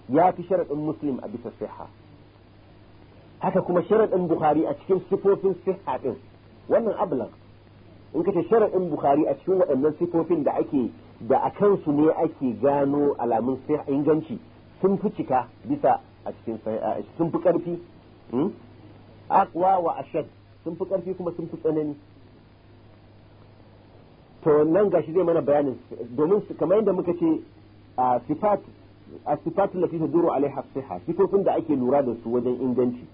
ya fi sharadin muslim a bisa sihha haka kuma sharadin bukhari a cikin sifofin sihha din wannan ablan in kace sharadin bukhari a cikin waɗannan sifofin da ake da akan su ne ake gano alamun sihha inganci sun fi cika bisa a cikin sun fi karfi hmm? aqwa wa ashad sun fi ƙarfi kuma sun fi tsanani to nan gashi zai mana bayanin domin kamar yadda muka ce a sifat a sifat lati taduru alaiha sifofin da ake lura da su wajen inganci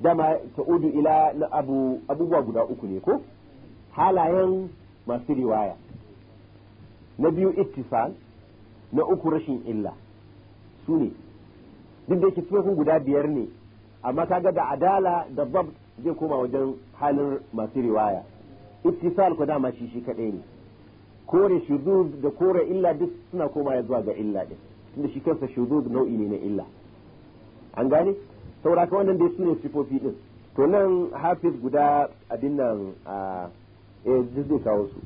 dama udu ila na abubuwa guda uku ne ko halayen masu riwaya na biyu ittisal na uku rashin illa su ne duk da yake sifofin guda biyar ne amma kaga da adala da zabt zai koma wajen halin masu riwaya ittisal ko dama shi shi kadai ne kore shudud da kore illa duk suna koma zuwa ga illa din tunda shi kansa shudud nau'i ne na illa an gane saboda ka wannan dai sune sifofi din to nan hafiz guda abin nan a eh zai kawo su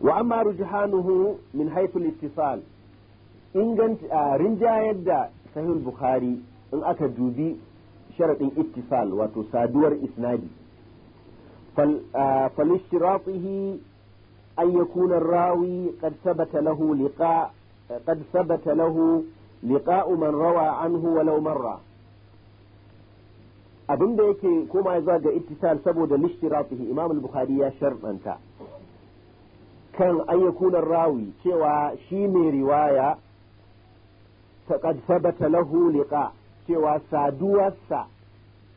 wa amma rujhanuhu min haythu al-ittisal inganta rinjayar da sahih bukhari in aka dubi sharadin ittisal wato saduwar isnadi فلاشتراطه أن يكون الراوي قد ثبت له لقاء قد ثبت له لقاء من روى عنه ولو yake koma ya ga ittisal saboda lishtiratihi imam al-bukhari ya sharɗanta kan ayyakunan rawi cewa shi mai riwaya faqad sabata lahu liqa cewa saduwarsa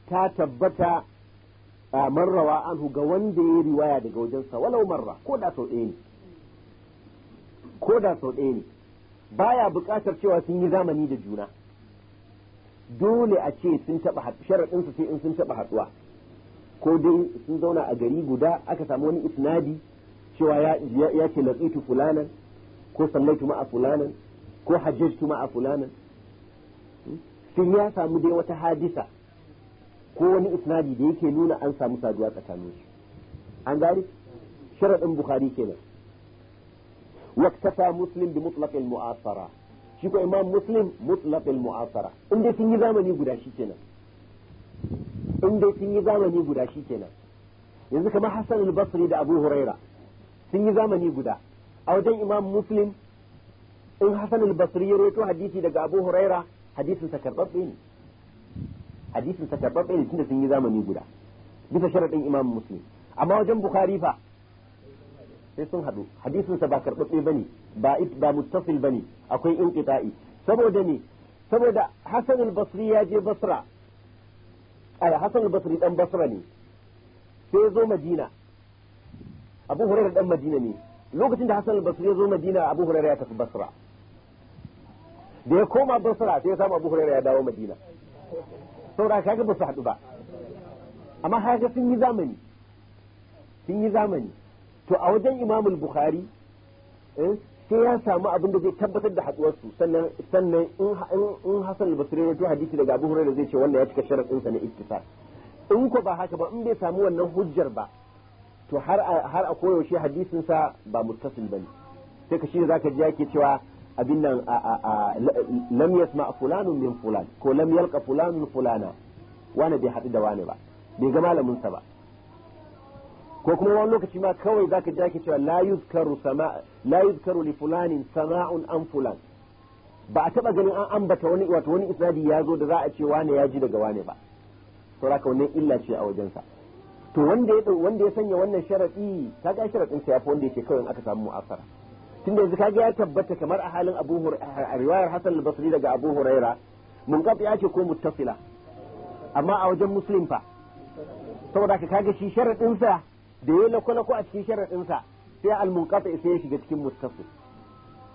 ta tabbata man rawa anhu ga wanda ya riwaya daga wajensa walau marra ko da sau ɗaya ne ko da sau ɗaya ne baya buƙatar cewa sun yi zamani da juna dole a ce sun taɓa su sai in sun taɓa haɗuwa ko dai sun zauna a gari guda aka samu wani isnadi cewa ya ce laqitu fulanan ko sallaitu a fulanan ko ma a fulanan sun ya samu dai wata hadisa ko wani isnadi da yake nuna an samu saduwa tsakanin su an gari sharadin bukhari kenan waktafa muslim bi mutlaq al mu'asara shi ko imam muslim mutlaq al mu'asara in dai sun yi zamani guda shi kenan in dai sun yi zamani guda shi kenan yanzu kamar hasan al basri da abu huraira sun yi zamani guda a wajen imam muslim in hasan al basri ya rawaito hadisi daga abu huraira hadisin sa karbabbe ne hadisin sa tabbatsa ne tunda sun yi zamani guda bisa sharadin imam muslim amma wajen bukhari fa sai sun hadu hadisin sa ba karbatse bane ba ba muttasil bane akwai inqita'i saboda ne saboda hasan al-basri ya je basra ai hasan al-basri dan basra ne sai ya zo madina abu hurairah dan madina ne lokacin da hasan al-basri ya zo madina abu hurairah ya tafi basra da ya koma basra sai ya samu abu hurairah ya dawo madina saboda kaga ba su haɗu ba amma haka sun yi zamani sun yi zamani to a wajen imamul bukhari eh, sai ya samu abin da zai tabbatar da haɗuwarsu sannan sannan in hasan Basirai basri hadisi daga abu da zai ce wannan ya cika sharaɗin sa na ittifaq in ko ba haka ba in bai samu wannan hujjar ba to har a koyaushe hadisin sa ba muttasil bane sai ka za zaka ji yake cewa abin nan lam yasma fulanun min fulan ko lam yalqa fulanun fulana wani bai haɗu da wani ba bai ga malamin sa ba ko kuma wani lokaci ma kawai zaka ji ake cewa la yuzkaru sama la yuzkaru li fulanin sama'un an fulan ba a taba ganin an ambata wani wato wani isnadi ya zo da za a ce wani ya ji daga wani ba sauraka wannan illa ce a wajensa to wanda ya wanda ya sanya wannan sharadi ga sharadin sa fi wanda yake kawai aka samu mu'asara tunda yanzu kaga ya tabbata kamar a halin Abu Hurairah riwayar Hasan al-Basri daga Abu Hurairah ya ce ko muttasila amma a wajen Muslim fa saboda ka kaga shi sharadin sa da ya lako a cikin sharadin sa sai al-munqati sai ya shiga cikin muttasil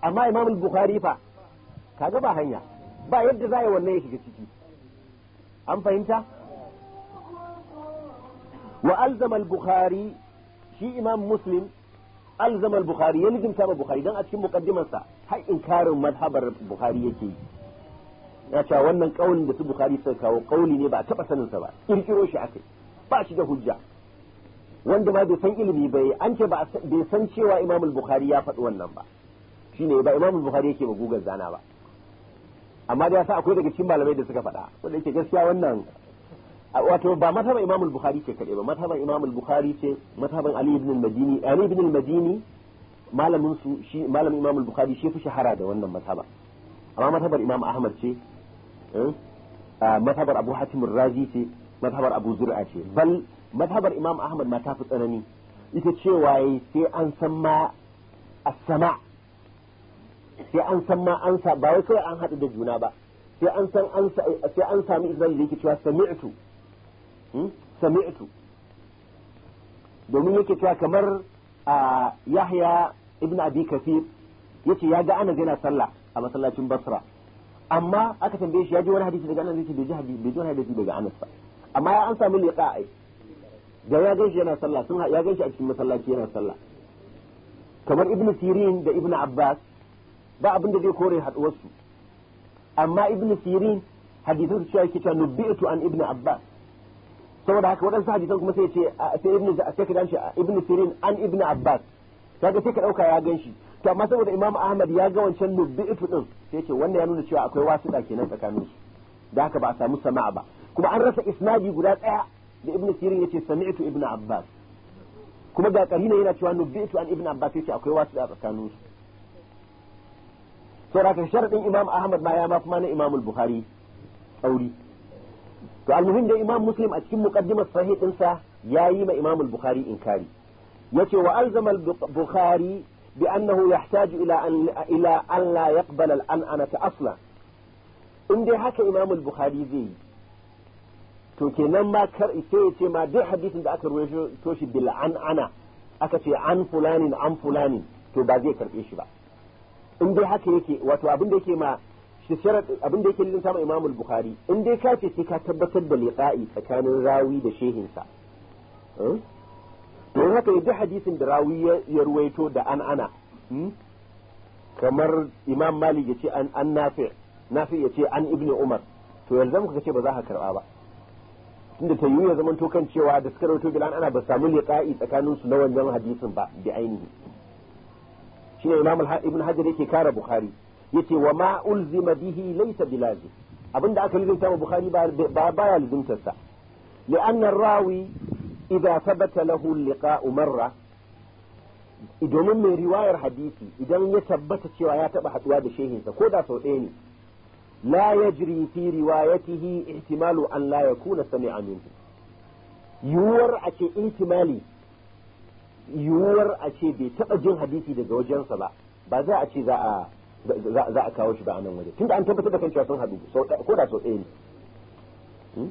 amma Imam al-Bukhari fa kaga ba hanya ba yadda za yi wannan ya shiga ciki an fahimta wa alzama al-Bukhari shi Imam Muslim alzama al-bukhari ya nijimta ba bukhari dan a cikin sa har inkarin madhabar bukhari yake ya cewa wannan kaulin da su bukhari sun kawo kauli ne ba a taba sanin sa ba kirkiro shi akai ba shi da hujja wanda ma bai san ilimi ba an ce bai san cewa imam al-bukhari ya faɗi wannan ba shine ba imam al-bukhari yake ba gugar zana ba amma da yasa akwai daga cikin malamai da suka faɗa wanda yake gaskiya wannan wato ba mazhaban Imam al-Bukhari ce kadai ba mazhaban Imam al-Bukhari ce mazhaban Ali ibn al-Madini Ali ibn al-Madini malamin su shi malamin Imam al-Bukhari shi fi shahara da wannan mazhaba amma mazhabar Imam Ahmad ce eh, mazhabar Abu Hatim ar-Razi ce mazhabar Abu Zur'a ce bal mazhabar Imam Ahmad ma ta fi tsanani ita ce waye sai an san ma as-sama sai an san ma an sa ba wai sai an haɗu da juna ba sai an san an sai an sami izan da yake cewa sami'tu Hmm? sami'tu domin yake cewa kamar a Yahya ibn Abi kafir yace ya ga ana yana sallah a masallacin Basra amma aka tambaye shi ya ji wani hadisi daga Anas yace bai ji hadisi bai ji wani hadisi daga Anas ba amma ya an samu liqa'i da ya gaishe yana sallah sun ya gaishe a cikin masallaci yana sallah kamar Ibn Sirin da Ibn Abbas ba abin da zai kore haduwar su amma Ibn Sirin hadisin su cewa yake cewa nubi'tu an Ibn Abbas saboda haka waɗansu hadisan kuma sai ce sai da sai ka dace ibnu sirin an ibnu abbas kaga sai ka dauka ya ganshi to amma saboda imam ahmad ya ga wancan ifu din sai ce wannan ya nuna cewa akwai wasuɗa kenan tsakanin su da haka ba a samu sama'a ba kuma an rasa isnadi guda ɗaya da ibnu sirin yace sami'tu ibnu abbas kuma ga karina yana cewa nubi'tu an ibnu abbas yace akwai wasuɗa tsakanin su saboda haka sharadin imam ahmad ma ya ma kuma na imam al-bukhari tsauri to almuhim da imam muslim a cikin muqaddimar sahih dinsa yayi ma imam al-bukhari inkari yace wa alzama al-bukhari bi annahu yahtaju ila an ila an la yaqbala al-an'anata asla in dai haka imam al-bukhari zai yi to kenan ma kar sai ma duk hadisin da aka to shi bil an'ana aka ce an fulanin an fulanin to ba zai karbe shi ba in dai haka yake wato abin da yake ma abin da yake lissa ma imamul bukhari in dai ka ce sai ka tabbatar da liqa'i tsakanin rawi da shehinsa hmm? don haka yadda hadisin da rawi ya ruwaito da an ana hmm? kamar imam malik ya ce an nafi nafi ya ce an ibni umar to yanzu muka ce ba za ka karba ba tunda ta yiwu ya zama to kan cewa da suka rawaito bilan ana ba samu liqa'i tsakanin su na wannan hadisin ba bi ainihi shine imam ibn hajar yake kara bukhari yace wa ma ulzima bihi laysa bilazim abinda aka lizumta wa bukhari ba baya lizumtar sa لأن الراوي إذا ثبت له اللقاء مرة domin mai riwayar hadisi idan ya tabbata cewa ya taba haduwa da sa ko da sau ɗaya ne la yajri fi riwayatihi ihtimalu an la yakuna sami'a minhu yuwar a ce ihtimali yuwar a ce bai taba jin hadisi daga wajensa ba ba za a ce za a za a kawo shi ba a nan waje tunda an tabbatar da kan cewa sun haɗu ko da sau ɗaya ne hmm?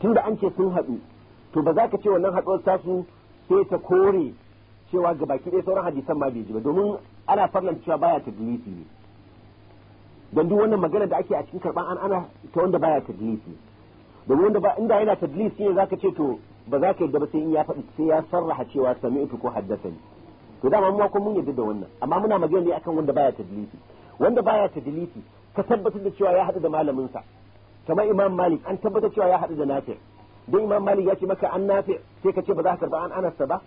tunda an ce sun haɗu to ba za ka ce wannan haɗuwar tasu sai ta kore cewa ga baki ɗaya sauran hadisan ma bai ji ba domin ana farlan cewa baya ta dilisi ne don duk wannan magana da ake a cikin karɓar an ana ta wanda baya ta dilisi domin wanda ba inda yana ta dilisi ne za ka ce to ba za ka yadda ba sai in ya faɗi sai ya sarraha cewa sami'tu ko haddasa ne to dama mu kuma mun yadda da wannan amma muna magana ne akan wanda baya ta dilisi wanda baya tadlisi ka tabbatar da cewa ya hadu da malamin sa kamar imam malik an tabbatar cewa ya hadu da nafi don imam malik ya ce maka an nafi sai ka ce ba za ka karba an anas ba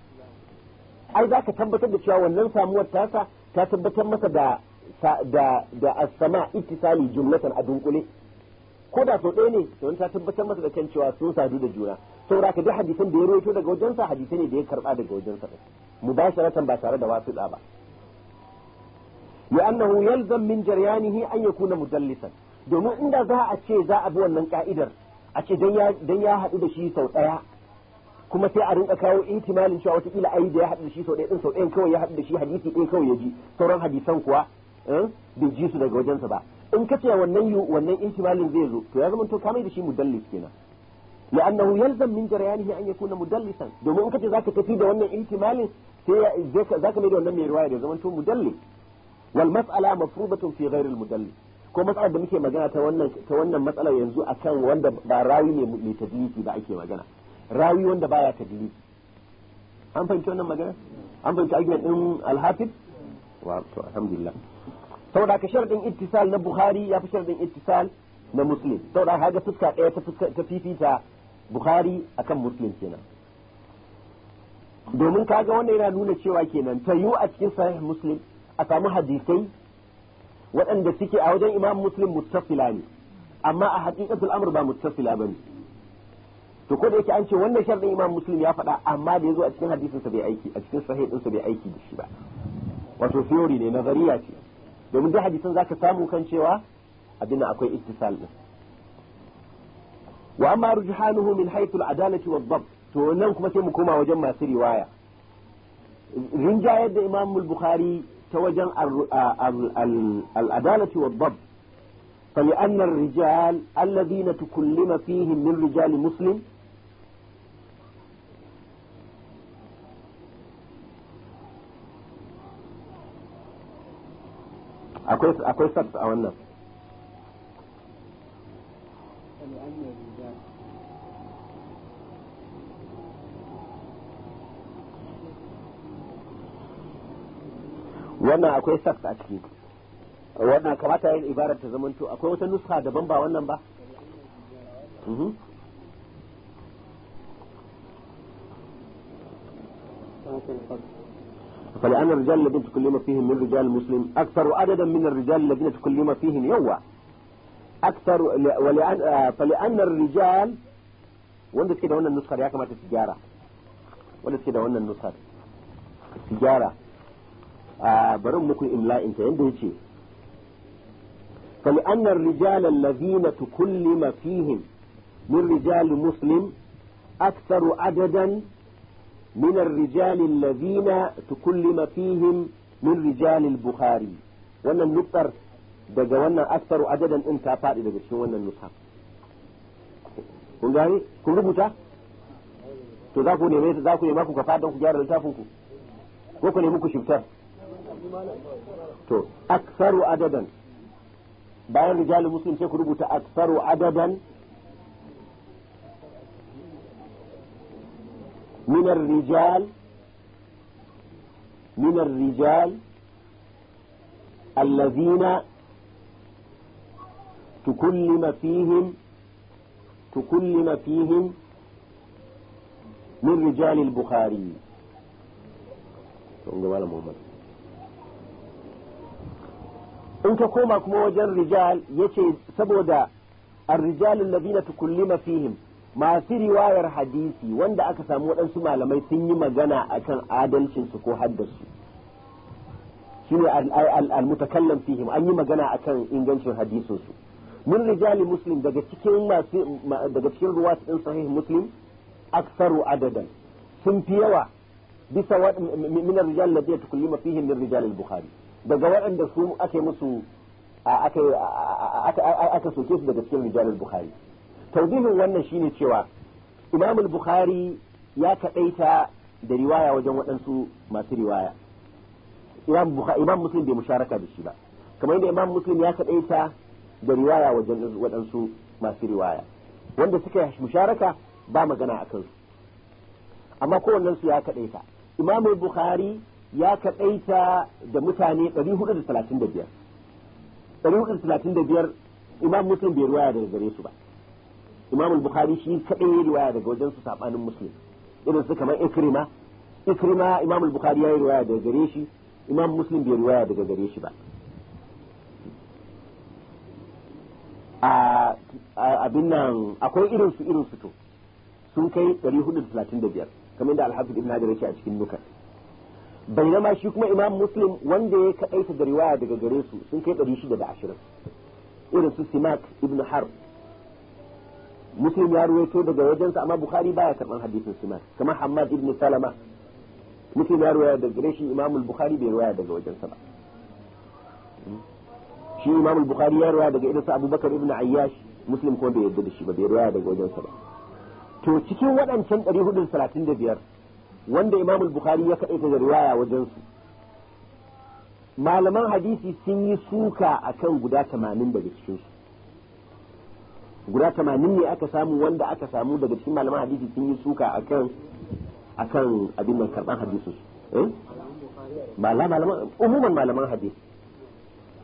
ai za ka tabbatar da cewa wannan samuwar tasa ta tabbatar masa da da da as-sama ittisali jumlatan a dunkule ko da sau ɗaya ne to ta tabbatar masa da kan cewa sun sadu da juna saboda ka duk hadisan da ya rawaito daga wajensa hadisai ne da ya karba daga wajensa mubasharatan ba tare da wasiɗa ba لأنه يلزم من جريانه أن يكون مدلسا domin inda za a ce za a bi wannan ka'idar a ce dan ya haɗu da shi sau ɗaya kuma sai a rinka kawo ihtimalin cewa watakila ayi da ya haɗu da shi sau ɗaya ɗin sau ɗayan kawai ya haɗu da shi hadisi ɗaya kawai ya ji sauran hadisan kuwa bai ji su daga wajensa ba in ka ce wannan yu wannan zai zo to ya zama to da shi mudallis kenan لأنه يلزم من جريانه أن يكون مدلسا دوما أنك ذاك تفيد وأن احتمال ذاك ذاك ميدو أن رواية زمان تو مدلس wal mas'ala mafrudatun fi ghairi al-mudallis ko matsalar da muke magana ta wannan ta wannan matsalar yanzu akan wanda ba rawi ne mai tadliki ba ake magana rawi wanda baya tadliki an fahimci wannan magana an fahimci argument din al-hafiz wa to alhamdulillah saboda ka sharadin ittisal na bukhari ya fi sharadin ittisal na muslim saboda kaga fuska ɗaya ta fuska ta fifita bukhari akan muslim kenan domin kaga wannan yana nuna cewa kenan ta yiwu a cikin sahih muslim a samu hadisai waɗanda suke a wajen imam muslim muttasila ne amma a haƙiƙatul amr ba muttasila bane to ko da yake an ce wannan sharɗin imam muslim ya faɗa amma da yazo a cikin hadisinsa bai aiki a cikin sahih ɗinsa bai aiki da shi ba wato theory ne nazariya ce domin duk za zaka samu kan cewa abin akwai ittisal din wa amma rujhanuhu min haythu al-adalati wad to nan kuma sai mu koma wajen masu riwaya rinjayar da imam al-bukhari توجه آه، الأدالة والضب فلأن الرجال الذين تكلم فيهم من رجال مسلم أكويس أكويس أكويس أكويس wannan akwai saks a ciki wannan kamata yin ibarar ta zamanto akwai wata nuska daban ba wannan ba mhm. فلأن الرجال الذين تكلم فيهم من رجال المسلم أكثر عددا من الرجال الذين تكلم فيهم يوا أكثر ولأن آه، فلأن الرجال وندس كده كده النسخة يا كما تتجارة وندس كده هنا النسخة التجارة bari muku imla'in ta yanda yace fali annar rijal allazina tukallima fihim min rijal muslim aktharu adadan من الرجال الذين تكلم فيهم من رجال البخاري وانا النقطة daga wannan aksaru adadan din ta faɗi daga cikin wannan nusa kun gane kun rubuta to za ku neme za ku nema ku kafa don ku gyara littafin ku ko ku nemi ku shiftar to aksaru adadan bayan rijalu muslim sai ku rubuta aksaru adadan من الرجال من الرجال الذين تكلم فيهم تكلم فيهم من رجال البخاري محمد in ka koma kuma wajen rijal yace saboda ar-rijal alladhina tukullima fihim masu riwayar hadisi wanda aka samu waɗansu malamai sun yi magana akan adalcinsu ko haddarsu shine al-mutakallam fihim an yi magana akan ingancin hadisinsu min rijali muslim daga cikin masu daga cikin ruwa din sahih muslim aksaru adadan sun fi yawa bisa min ar-rijal alladhina tukullima fihim min rijal al-bukhari daga waɗanda su ake musu aka soke su daga cikin rijalul bukhari taudihin wannan shine cewa imamul bukhari ya kaɗaita da riwaya wajen waɗansu masu riwaya imam muslim bai musharaka da shi ba kamar yadda imam muslim ya kaɗaita da riwaya wajen waɗansu masu riwaya wanda suka musharaka ba magana a kansu amma kowannensu ya kaɗaita imamul bukhari ya kaɗaita da mutane 435 435 imam muslim bai ruwaya daga gare su ba imam bukhari shi kaɗai ya riwaya daga wajen su sabanin muslim irin su kamar ikrima ikrima imam bukhari ya yi riwaya daga gare shi imam muslim bai ruwaya daga gare shi ba a abin nan akwai irin su irin to sun kai 435 kamar da alhafi ibn hajar yake a cikin nukar bainama shi kuma imam muslim wanda ya kaɗaita da riwaya daga gare su sun kai ɗari ashirin irin su simak ibn har muslim ya ruwaito daga wajensa amma bukhari baya karɓar hadisin simak kamar hamad ibn salama muslim ya ruwaya daga gare shi imam bukhari bai ruwaya daga wajensa ba shi imam bukhari ya ruwaya daga irinsa abubakar ibn ayyash muslim ko bai yarda da shi ba bai ruwaya daga wajensa ba to cikin waɗancan biyar. wanda imamul bukhari ya kaɗaita da riwaya wajen su malaman hadisi sun yi suka akan guda tamanin daga cikin su guda tamanin ne aka samu wanda aka samu daga cikin malaman hadisi sun yi suka akan akan abin da karban hadisin su eh? malaman umuman malaman hadisi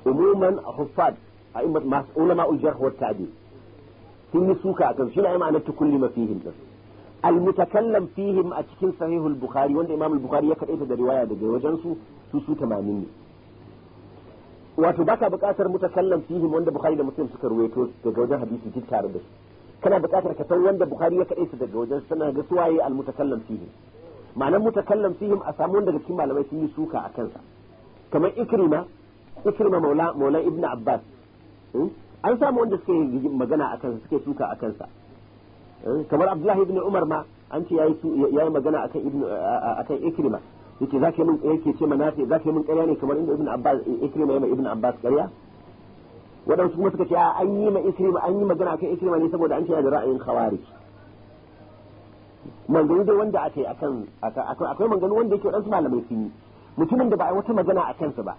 umuman huffaz a'immat ulama ul jarh wa ta'dil sun yi suka akan shi ne ma'anar tukulli mafihim din almutakallam fihim a cikin sahihul bukhari wanda imam bukhari ya kaɗaita da riwaya daga wajen su su su 80 ne wato baka bukatar mutakallam fihim wanda bukhari da muslim suka ruwaito daga wajen hadisi duk da su kana buƙatar ka san wanda bukhari ya kaɗaita daga wajen sana ga suwaye almutakallam fihim ma'anar mutakallam fihim a samu wanda cikin malamai sun yi suka a kansa kamar ikrima ikrima maula ibn abbas an samu wanda suka yi magana a kansa suke suka a kansa Eh, kamar abdullahi ibn umar ma an ce yayi yayi magana akan ibn akan ikrima yake zaka min yake ce manafi zaka min ƙarya ne kamar inda ibn abbas ikrima yayi ibn abbas ƙarya waɗansu kuma suka ce an yi ma ikrima an yi magana akan ikrima ne saboda an ce ya da ra'ayin khawarij manzanni dai wanda aka yi akan akwai manzanni wanda yake waɗansu malamai sun yi mutumin da ba a wata magana a kansa ba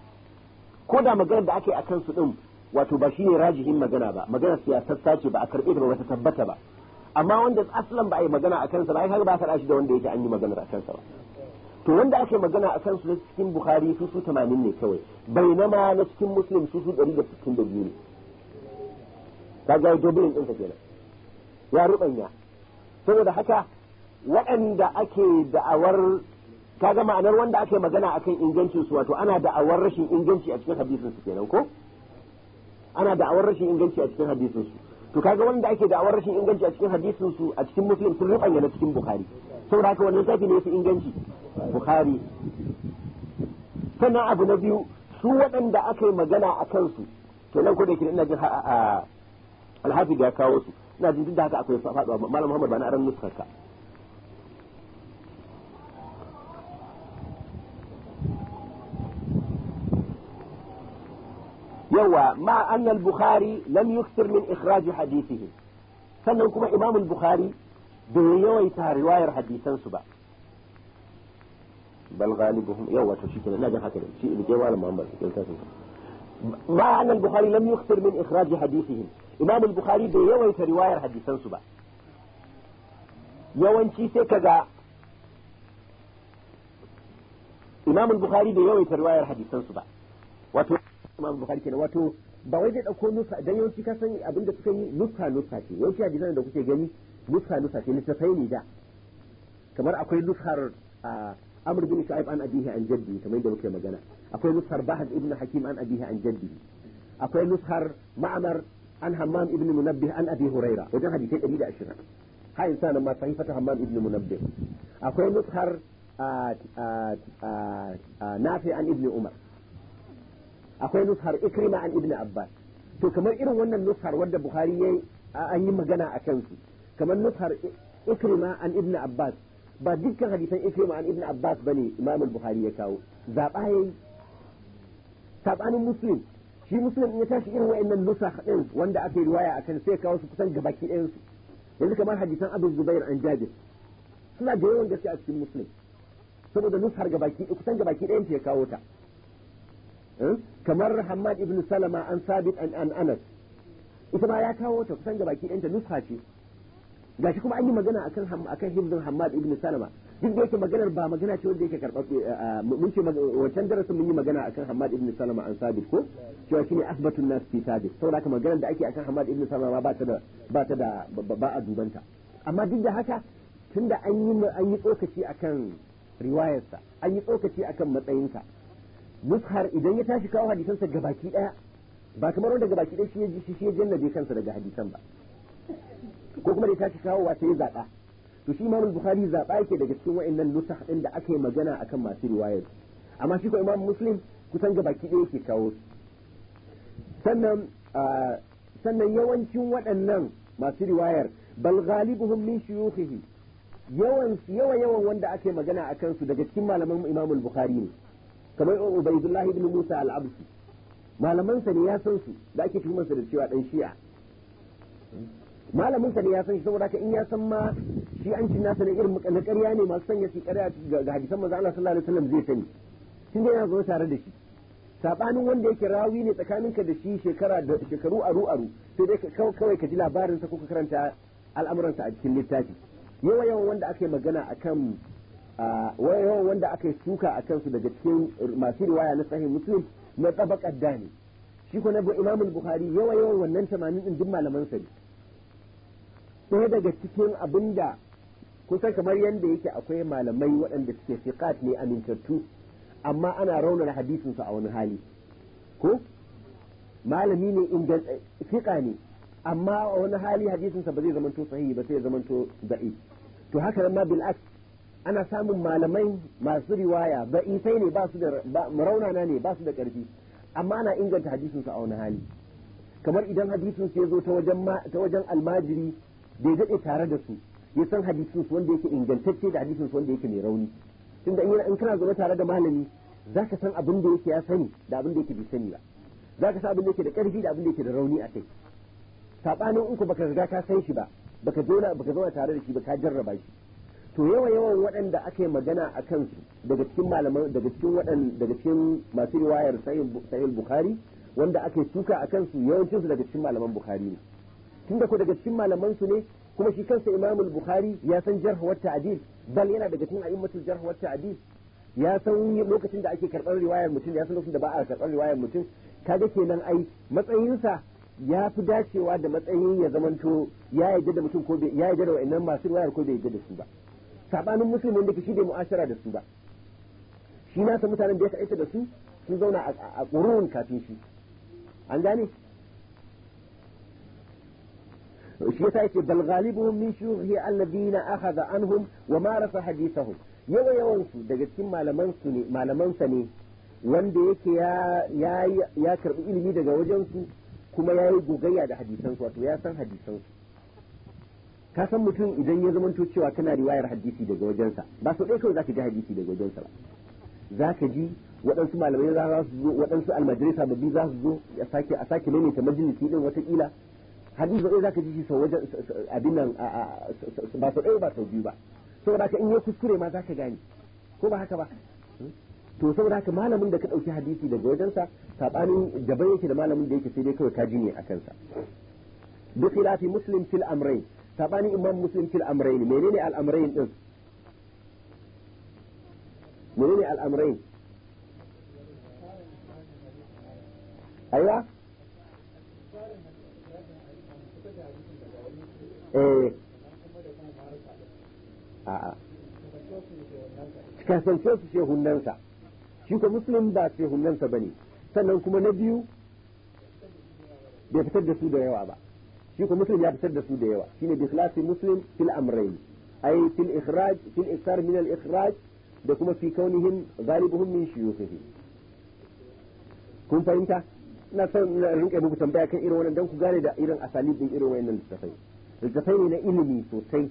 ko da maganar da ake a kansu din wato ba shine rajihin magana ba maganar siyasar ce ba a karbe karɓe ta ba ta tabbata ba amma wanda aslan ba a yi magana a kansa ba ai har ba ka shi da wanda yake an yi magana a kansa ba to wanda ake magana a kansu na cikin bukhari su su 80 ne kawai bainama na cikin muslim su su 162 ne ga dublin din ka kenan ya rubanya saboda haka waɗanda ake da'awar kaga ma'anar wanda ake magana akan ingancin su wato ana da'awar rashin inganci a cikin hadisin su kenan ko ana da'awar rashin inganci a cikin hadisin su to kaga wanda ake da'awar rashin inganci a cikin hadisin su a cikin muslim sun rubanya na cikin bukhari saboda haka wannan safi ne yafi inganci bukhari sannan abu na biyu su waɗanda aka yi magana a kansu to nan ko da ina jin alhafi ya kawo su ina jin duk da haka akwai faɗuwa malam muhammad ba na aran nuskarka يوى مع أن البخاري لم يكثر من إخراج حديثه فلنكم إمام البخاري بنيوى رواية حديثا سبا بل غالبهم يوى لا نجا حكرا شيء بجوال مؤمن مع أن البخاري لم يكثر من إخراج حديثه إمام البخاري بنيوى رواية حديثا سبا يوى انشي كذا إمام البخاري بيوم في رواية الحديث سنصبع وتو... imam bukhari kenan wato ba wai zai dauko nufa dan yawanci ka san abin da suka yi nusa nusa ce yawanci hadisan da kuke gani nusa nusa ce littafai ne da kamar akwai nusar amr bin shu'aib an abihi an jaddi kamar yadda muke magana akwai nufar bahad ibn hakim an abihi an jaddi akwai nufar ma'amar an hammam ibn munabbih an abi huraira wajen hadisai 120 ha insa nan ma sahifata hammam ibn munabbih akwai nusar nafi an ibn umar akwai nushar ikrima an ibn abbas to kamar irin wannan nushar wadda bukhari yayi an yi magana a kansu kamar nushar ikrima an ibn abbas ba dukkan hadisan ikrima an ibn abbas bane imam al-bukhari ya kawo zaba yayi sabanin muslim shi muslim ya tashi irin wayannan nusakh din wanda aka riwaya akan sai kawo su kusan gabaki ɗayan su yanzu kamar hadisan abu zubair an jabir suna da yawan gaske a cikin muslim saboda nusar gabaki kusan gabaki ɗayan ta ya kawo ta Eh? kamar Hamad ibn Salama an Sabit an Anas ita ma ya kawo ta kusan gabaki ta nusfa ce gashi kuma an yi magana akan akan hibzin Hamad ibn Salama duk da yake maganar ba magana ce wanda yake karɓa mun ce wancan darasin mun yi magana akan Hamad ibn Salama an Sabit ko cewa shine asbatun nas fi sabit saboda haka maganar da ake akan Hamad ibn Salama ba ta da ba ta da ba a dubanta amma duk da haka tunda an yi an yi tsokaci akan riwayarsa an yi tsokaci akan matsayinsa mushar idan ya tashi kawo hadisansa gabaki daya ba kamar wanda baki daya shi ya ji shi ya jannabe kansa daga hadisan ba ko kuma da ya tashi kawo wata ya zaba to shi Imam Bukhari zaba yake daga cikin wayannan nusakh din da aka yi magana akan masu riwayar amma shi ko Imam Muslim kusan gabaki daya yake kawo sannan sannan yawancin waɗannan masu riwayar bal ghalibuhum min shuyukhihi yawan yawa yawan wanda ake magana akan su daga cikin malaman Imam Bukhari ne kamar yan ubaidullahi ibn musa al-absi malaman sa ne ya san su da ake tuhumar sa da cewa dan shi'a malamin sa ne ya san shi saboda ka in ya san ma shi an cin nasa ne irin na ƙarya ne masu sanya shi ƙarya ga hadisan manzo Allah sallallahu alaihi wasallam zai sani tun da yana zo tare da shi sabanin wanda yake rawi ne tsakaninka da shi shekara da shekaru aru aru sai dai kawai ka ji labarin sa ko ka karanta al'amuransa a cikin littafi yawa yawan wanda aka yi magana akan yawan wanda aka yi suka a kansu daga cikin masu riwaya na sahih muslim na da ne shi ko na bu imam bukhari yawa yawan wannan tamanin din malaman sa ɗaya daga cikin abinda kusan kamar yadda yake akwai malamai waɗanda suke fiqat ne amintattu amma ana raunar hadisin su a wani hali ko malami ne fiqa ne amma a wani hali hadisin sa ba zai zamanto sahihi ba sai ya zamanto da'i to haka nan ma ana samun malamai masu riwaya ba isai ne ba su da raunana ne ba su da ƙarfi amma ana inganta hadisin su a wani hali kamar idan hadisin su ya zo ta wajen almajiri bai daɗe tare da su ya san hadisin su wanda yake ingantacce da hadisin su wanda yake mai rauni tunda in kana zaune tare da malami za ka san abin da yake ya sani da abin da yake bai sani ba za ka san abin da yake da ƙarfi da abin da yake da rauni a kai saɓanin uku baka riga ka san shi ba baka zauna baka zauna tare da shi ba ka jarraba shi to yawa yawan waɗanda aka yi magana a kansu daga cikin malaman daga cikin waɗanda daga cikin masu riwayar sahih bukhari wanda ake tuka a kansu yawancin su daga cikin malaman bukhari ne tunda ko daga cikin malaman su ne kuma shi kansa imamul bukhari ya san jarh wa ta'dil bal yana daga cikin a'immatul jarh wa ta'dil ya san lokacin da ake karɓar riwayar mutum ya san lokacin da ba a karɓar riwayar mutum kaga kenan ai matsayinsa ya fi dacewa da matsayin ya zamanto ya yarda da mutum ko ya yarda da wa'annan masu riwayar ko bai yarda da su ba sabanin musulmin wanda ke shi bai mu'ashara da su ba shi nasa mutanen da ya kaita da su sun zauna a ƙurun kafin shi an gane shi yasa yake bal ghalibuhum min shuyukhi alladhina akhadha anhum wa marasa hadithahum yawa yawan su daga cikin malaman ne wanda yake ya ya ya karbi ilimi daga wajen su kuma yayi gogayya da hadisansu su wato ya san hadisansu. ka san mutum idan ya zamanto cewa kana riwayar hadisi daga wajensa ba sau ɗaya kawai za ka ji hadisi daga wajensa ba Za ka ji waɗansu malamai za su zo waɗansu almajirai sababbi za su zo a sake a sake ta majalisi ɗin watakila hadisi ba ɗaya ka ji shi sau wajen abin nan ba sau ɗaya ba sau biyu ba saboda haka in ya kuskure ma ka gane ko ba haka ba hmm? to saboda haka malamin da ka ɗauki hadisi daga wajensa saɓanin daban yake da malamin da yake sai dai kawai ka ji ne a kansa bi khilafi muslim fil amrayn sabanin imam muslim fil amrayn menene al amrayn din menene al amrayn aiwa eh a'a kasance su shehunansa shi ko muslim ba ce shehunansa bane sannan kuma na biyu bai fitar da su da yawa ba shi ko muslim ya fitar da su da yawa shine bi ikhlasi muslim fil amrayn ay fil ikhraj fil ikthar min al ikhraj da kuma fi kaunihim ghalibuhum min shuyukhihi kun fahimta na san na muku tambaya kan irin wannan dan ku gane da irin asali din irin wannan littafai littafai ne na ilimi sosai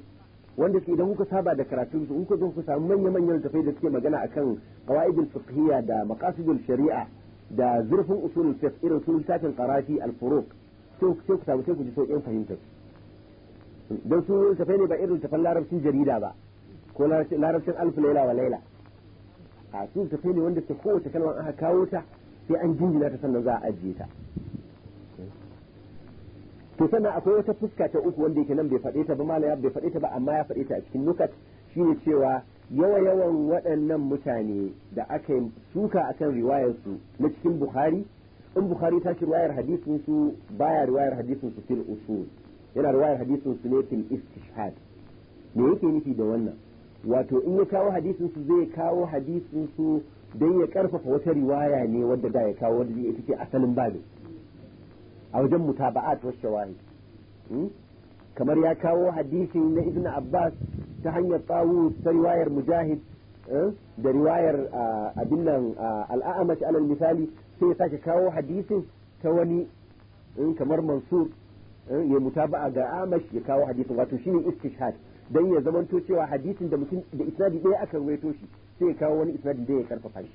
wanda ke idan kuka saba da karatun su kuka zo ku samu manya manyan littafai da suke magana akan qawaidul fiqhiyya da maqasidul shari'a da zurfin usulul fiqh irin su littafin qarati al furuq sai ku sai ku samu sai ku ji sauƙin fahimtar don su tafai ne ba irin tafan larabcin jarida ba ko larabcin alfu laila wa laila a su tafai ne wanda ta kowace kalmar aka kawo ta sai an jinjina ta sannan za a ajiye ta to sannan akwai wata fuska ta uku wanda yake nan bai faɗe ta ba malaya bai faɗe ta ba amma ya faɗe ta a cikin shi shine cewa yawa yawan waɗannan mutane da aka yi suka akan riwayarsu na cikin bukhari in bukhari ta riwayar hadisin su baya riwayar hadisin su fil usul yana riwayar hadisin su ne fil istishhad me yake nufi da wannan wato in ya kawo hadisin su zai kawo hadisin su don ya karfafa wata riwaya ne wadda da ya kawo wadda ita ce asalin babin a wajen mutaba'at wa shawahi hmm? kamar ya kawo hadisi na ibn abbas ta hanyar tsawo ta riwayar mujahid eh, da riwayar ah, abin nan ah, al'amash alal misali sai ya sake kawo hadisin ta wani in eh, kamar mansur eh, ya ba ga amash ya kawo hadisin wato shine istishhad dan ya zamanto cewa hadisin da mutum da isnadi ɗaya aka rawaito shi sai ya kawo wani isnadi da ya karfafa shi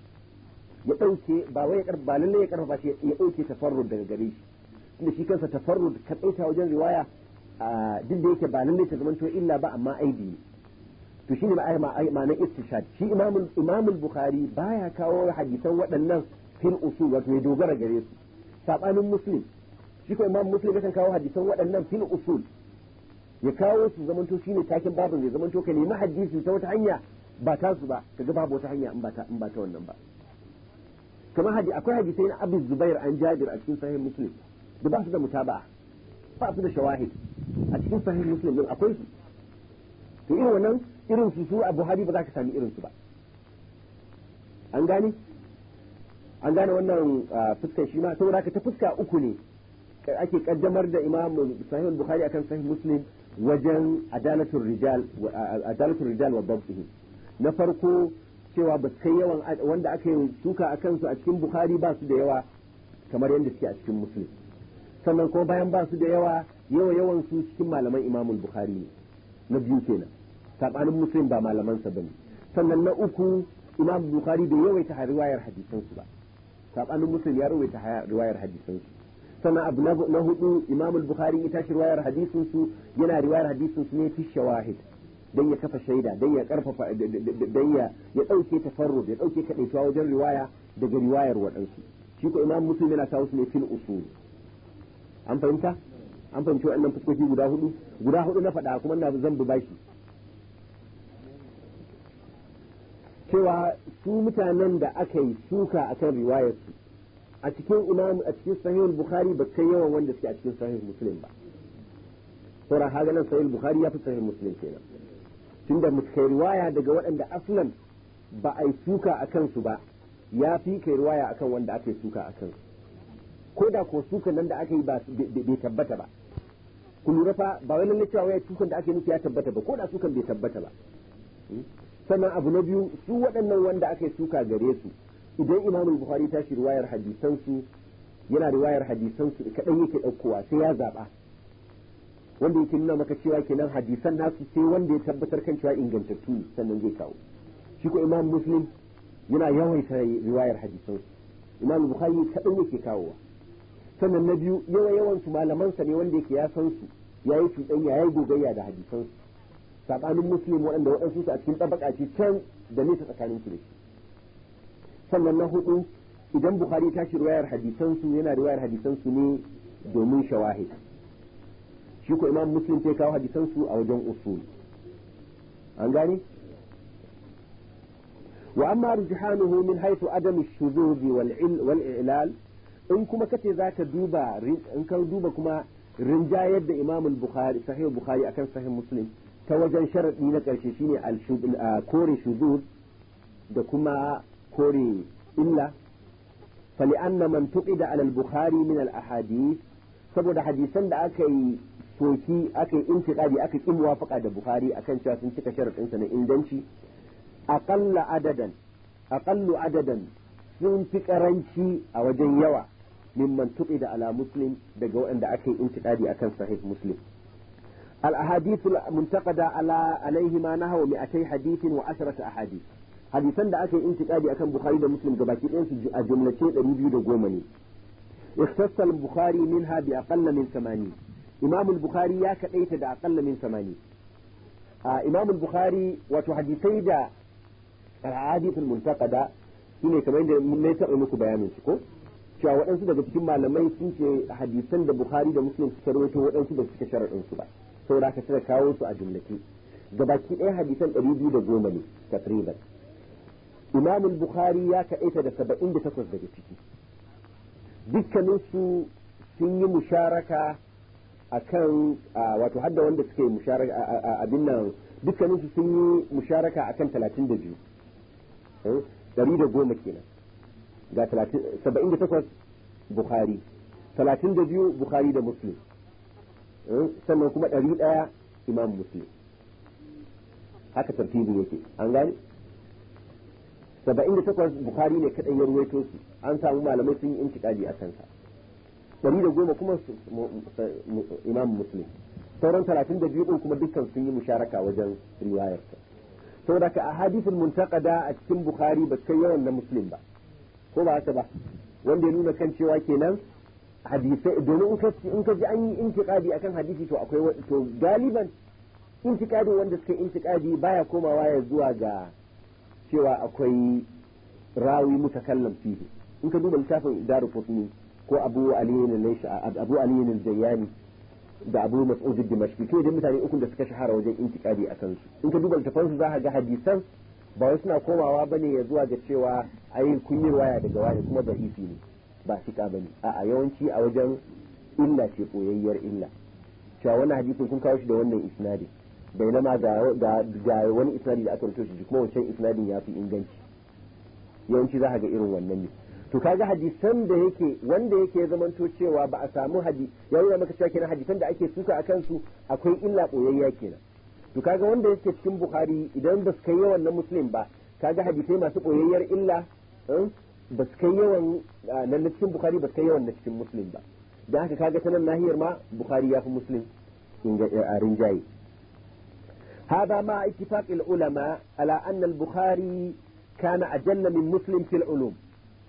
ya dauke ba wai ya ba lalle ya karfafa shi ya dauke tafarrud daga gare shi inda shi kansa tafarrud ka tsaita wajen riwaya duk da yake ba lalle ta zamanto illa ba amma aibi ne to shine ma'anar istishhad shi imamul imamul bukhari baya kawo hadisan waɗannan fil usul wato ya dogara gare su sabanin muslim shi ko imam muslim yakan kawo hadisan waɗannan fil usul ya kawo su zamanto shine takin babin zai zamanto ka nemi hadisi ta wata hanya ba ta su ba kaga babu wata hanya in ba ta in ba ta wannan ba kamar hadi akwai hadisai na Abu Zubair an Jabir a cikin sahih Muslim da ba su da mutaba'a ba su da shawahid a cikin sahih Muslim din akwai su to irin wannan irin su su a Buhari ba za ka sami irin su ba an gane an gane wannan fuskar shi ma saboda haka ta fuska uku ne ake kaddamar da imam sahih bukhari akan sahih muslim wajen adalatul rijal adalatul wa dabtihi na farko cewa ba kai yawan wanda aka yi suka a kansu a cikin bukhari ba su da yawa kamar yadda suke a cikin muslim sannan kuma bayan ba su da yawa yawa yawan su cikin malaman imamul bukhari ne na biyu kenan sabanin muslim ba malaman sa bane sannan na uku imam bukhari bai yawaita riwayar hadisan su ba sabanin muslim ya haya riwayar hadisan su sannan abu na hudu imam al-bukhari ita shi riwayar hadisin su yana riwayar hadisin su ne fi shawahid dan ya kafa shaida dan ya karfafa dan ya ya dauke tafarrud ya dauke kadaituwa wajen riwaya daga riwayar wadansu shi ko imam muslim yana kawo su ne fil usul an fahimta an fahimci wannan fuskoki guda hudu guda hudu na faɗa kuma na zan bi bashi cewa su mutanen da aka yi suka a kan su a cikin imam a cikin sahih bukhari ba kai yawan wanda suke a cikin sahih muslim ba saura haga nan sahih bukhari ya fi sahih muslim kenan tunda kai riwaya daga waɗanda aslan ba a yi suka a kansu ba ya fi kai riwaya akan wanda aka yi suka a kansu ko da ko suka nan da aka yi ba bai tabbata ba ku lura fa ba wai lalle cewa wai sukan da ake nufi ya tabbata ba ko da sukan bai tabbata ba hmm? sannan abu na biyu su waɗannan wanda aka yi suka gare su idan imam bukhari ta shi riwayar hadisan su yana riwayar hadisan su kaɗan yake daukowa sai ya zaɓa wanda yake nuna maka cewa kenan hadisan nasu sai wanda ya tabbatar kan cewa ingantattu ne sannan zai kawo shi ko imam muslim yana yawaita riwayar hadisan su imam bukhari kaɗan yake kawowa sannan na biyu yawa yawan su malaman sa ne wanda yake ya san su yayi cuɗanya yayi gogayya da hadisan su sabanin muslim waɗanda waɗansu su a cikin ɗabaka ce can da nesa tsakanin su da shi sannan na hudu idan bukhari ta shi riwayar hadisan su yana riwayar hadisan su ne domin shawahid shi ko imam muslim sai kawo hadisan su a wajen usul an gane wa amma rujhanuhu min haythu adam ash-shuzuz wal ilal in kuma kace zaka duba in ka duba kuma rinjayar da imam al-bukhari sahih bukhari akan sahih muslim ta wajen sharaɗi na ƙarshe shine kore shuzuz da kuma kore illa fali'anna man tuqida ala al-bukhari min al-ahadith saboda hadisan da aka yi soki aka yi intiqadi aka ki muwafaqa da bukhari akan cewa sun cika sharaɗin sa na inganci aqalla adadan aqallu adadan sun fi karanci a wajen yawa mimman tuqida ala muslim daga waɗanda aka yi intiqadi akan sahih muslim الأحاديث المنتقدة على عليهما نحو 200 حديث وعشرة أحاديث hadisan da aka yi intiqadi akan Bukhari da Muslim gabaki ɗayan su a jumlace 210 ne ikhtassal Bukhari minha bi aqalla min 80 Imam al-Bukhari ya kadaita da aqalla min 80 a Imam al-Bukhari wato hadisai da al-ahadith al-muntaqada shine kamar yadda mun taɓa muku bayanin ko cewa waɗansu daga cikin malamai sun ce hadisan da Bukhari da Muslim suka rawaito waɗansu da suka sharaɗin ba saura ka suka kawo su a jumlace gabaki ɗaya hadisan ɗari biyu da goma ne takriban imam bukhari ya kaɗaita da saba'in da takwas daga ciki dukkaninsu sun yi musharaka akan wato hadda wanda suka yi musharaka abin nan dukkaninsu sun yi musharaka akan talatin da biyu eh, ɗari da goma kenan ga saba'in da takwas bukhari talatin da biyu bukhari da muslim Eh, sannan kuma ɗari ɗaya imam muslim haka tartibin yake an gani saba'in da takwas bukari ne kaɗan ya ruwaito su an samu malamai sun yi intiƙali a kansa ɗari da goma kuma imam muslim sauran talatin da biyu kuma dukkan sun yi musharaka wajen riwayarsa saboda ka a hadisin da a cikin bukari ba kai yawan na muslim ba ko ba haka ba wanda ya nuna kan cewa kenan hadisai domin in ka ji an yi intiƙadi akan hadisi to akwai to galiban intiƙadin wanda suka intiƙadi baya komawa ya zuwa ga cewa akwai rawi mutakallam fihi in ka duba littafin daru qutni ko abu aliyin al abu aliyin al-jayyani da abu mas'ud dimashqi to idan mutane uku da suka shahara wajen intiƙadi akan su in ka duba littafin su ka ga hadisan ba wai suna komawa bane ya zuwa ga cewa ayi kunyar waya daga wani kuma da'ifi ne ba fika bane a yawanci a wajen illa ce koyayyar illa cewa wannan hadisin kun kawo shi da wannan isnadin ma ga ga wani isnadi da aka rubuta shi kuma wancan isnadin ya fi inganci yawanci za ka ga irin wannan ne to kaga hadisan da yake wanda yake zamanto cewa ba a samu hadi ya nuna maka cewa kenan hadisan da ake suka akan su akwai illa koyayya kenan to kaga wanda yake cikin bukhari idan ba su kai yawan na muslim ba kaga hadisai masu koyayyar illa eh? ba su kai yawan nan na cikin bukhari ba su kai yawan na cikin muslim ba da haka kaga ta nan nahiyar ma bukhari ya fi muslim a rinjaye هذا مع اتفاق العلماء على أن البخاري كان أجل من مسلم في العلوم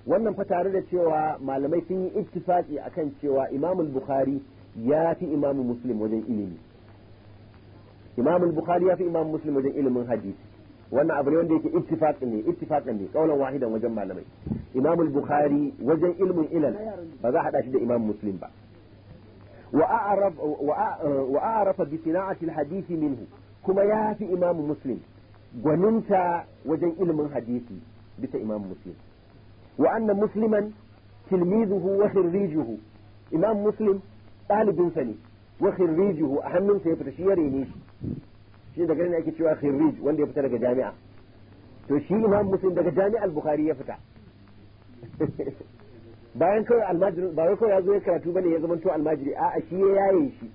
wannan fa tare da cewa malamai sun yi ittifaki akan cewa imam bukhari ya fi imam muslim wajen ilimi imam bukhari ya fi imam muslim wajen ilimin hadisi wannan abu ne wanda yake ittifaqin ne ittifaqin ne kaulan wahidan wajen malamai imam al-bukhari wajen ilmin ilal ba za a hada shi da imam muslim ba wa a'raf wa a'rafa bi sina'ati al-hadith minhu kuma ya fi imam muslim gwaninta wajen ilmin hadisi bisa imam muslim wa anna musliman tilmizuhu wa khirrijuhu imam muslim ɗalibinsa ne wa khirrijuhu a hannunsa ya fita shi ya rene shi شيء ده قلنا اكيد شو اخر ريج وين دي بترجع جامعه تو شيء ما مسلم ده جامعه البخاري يفتح (laughs) بعدين كل المجر بعدين كل هذا يكره تو بني يزمن تو المجر اه شيء يا اي شيء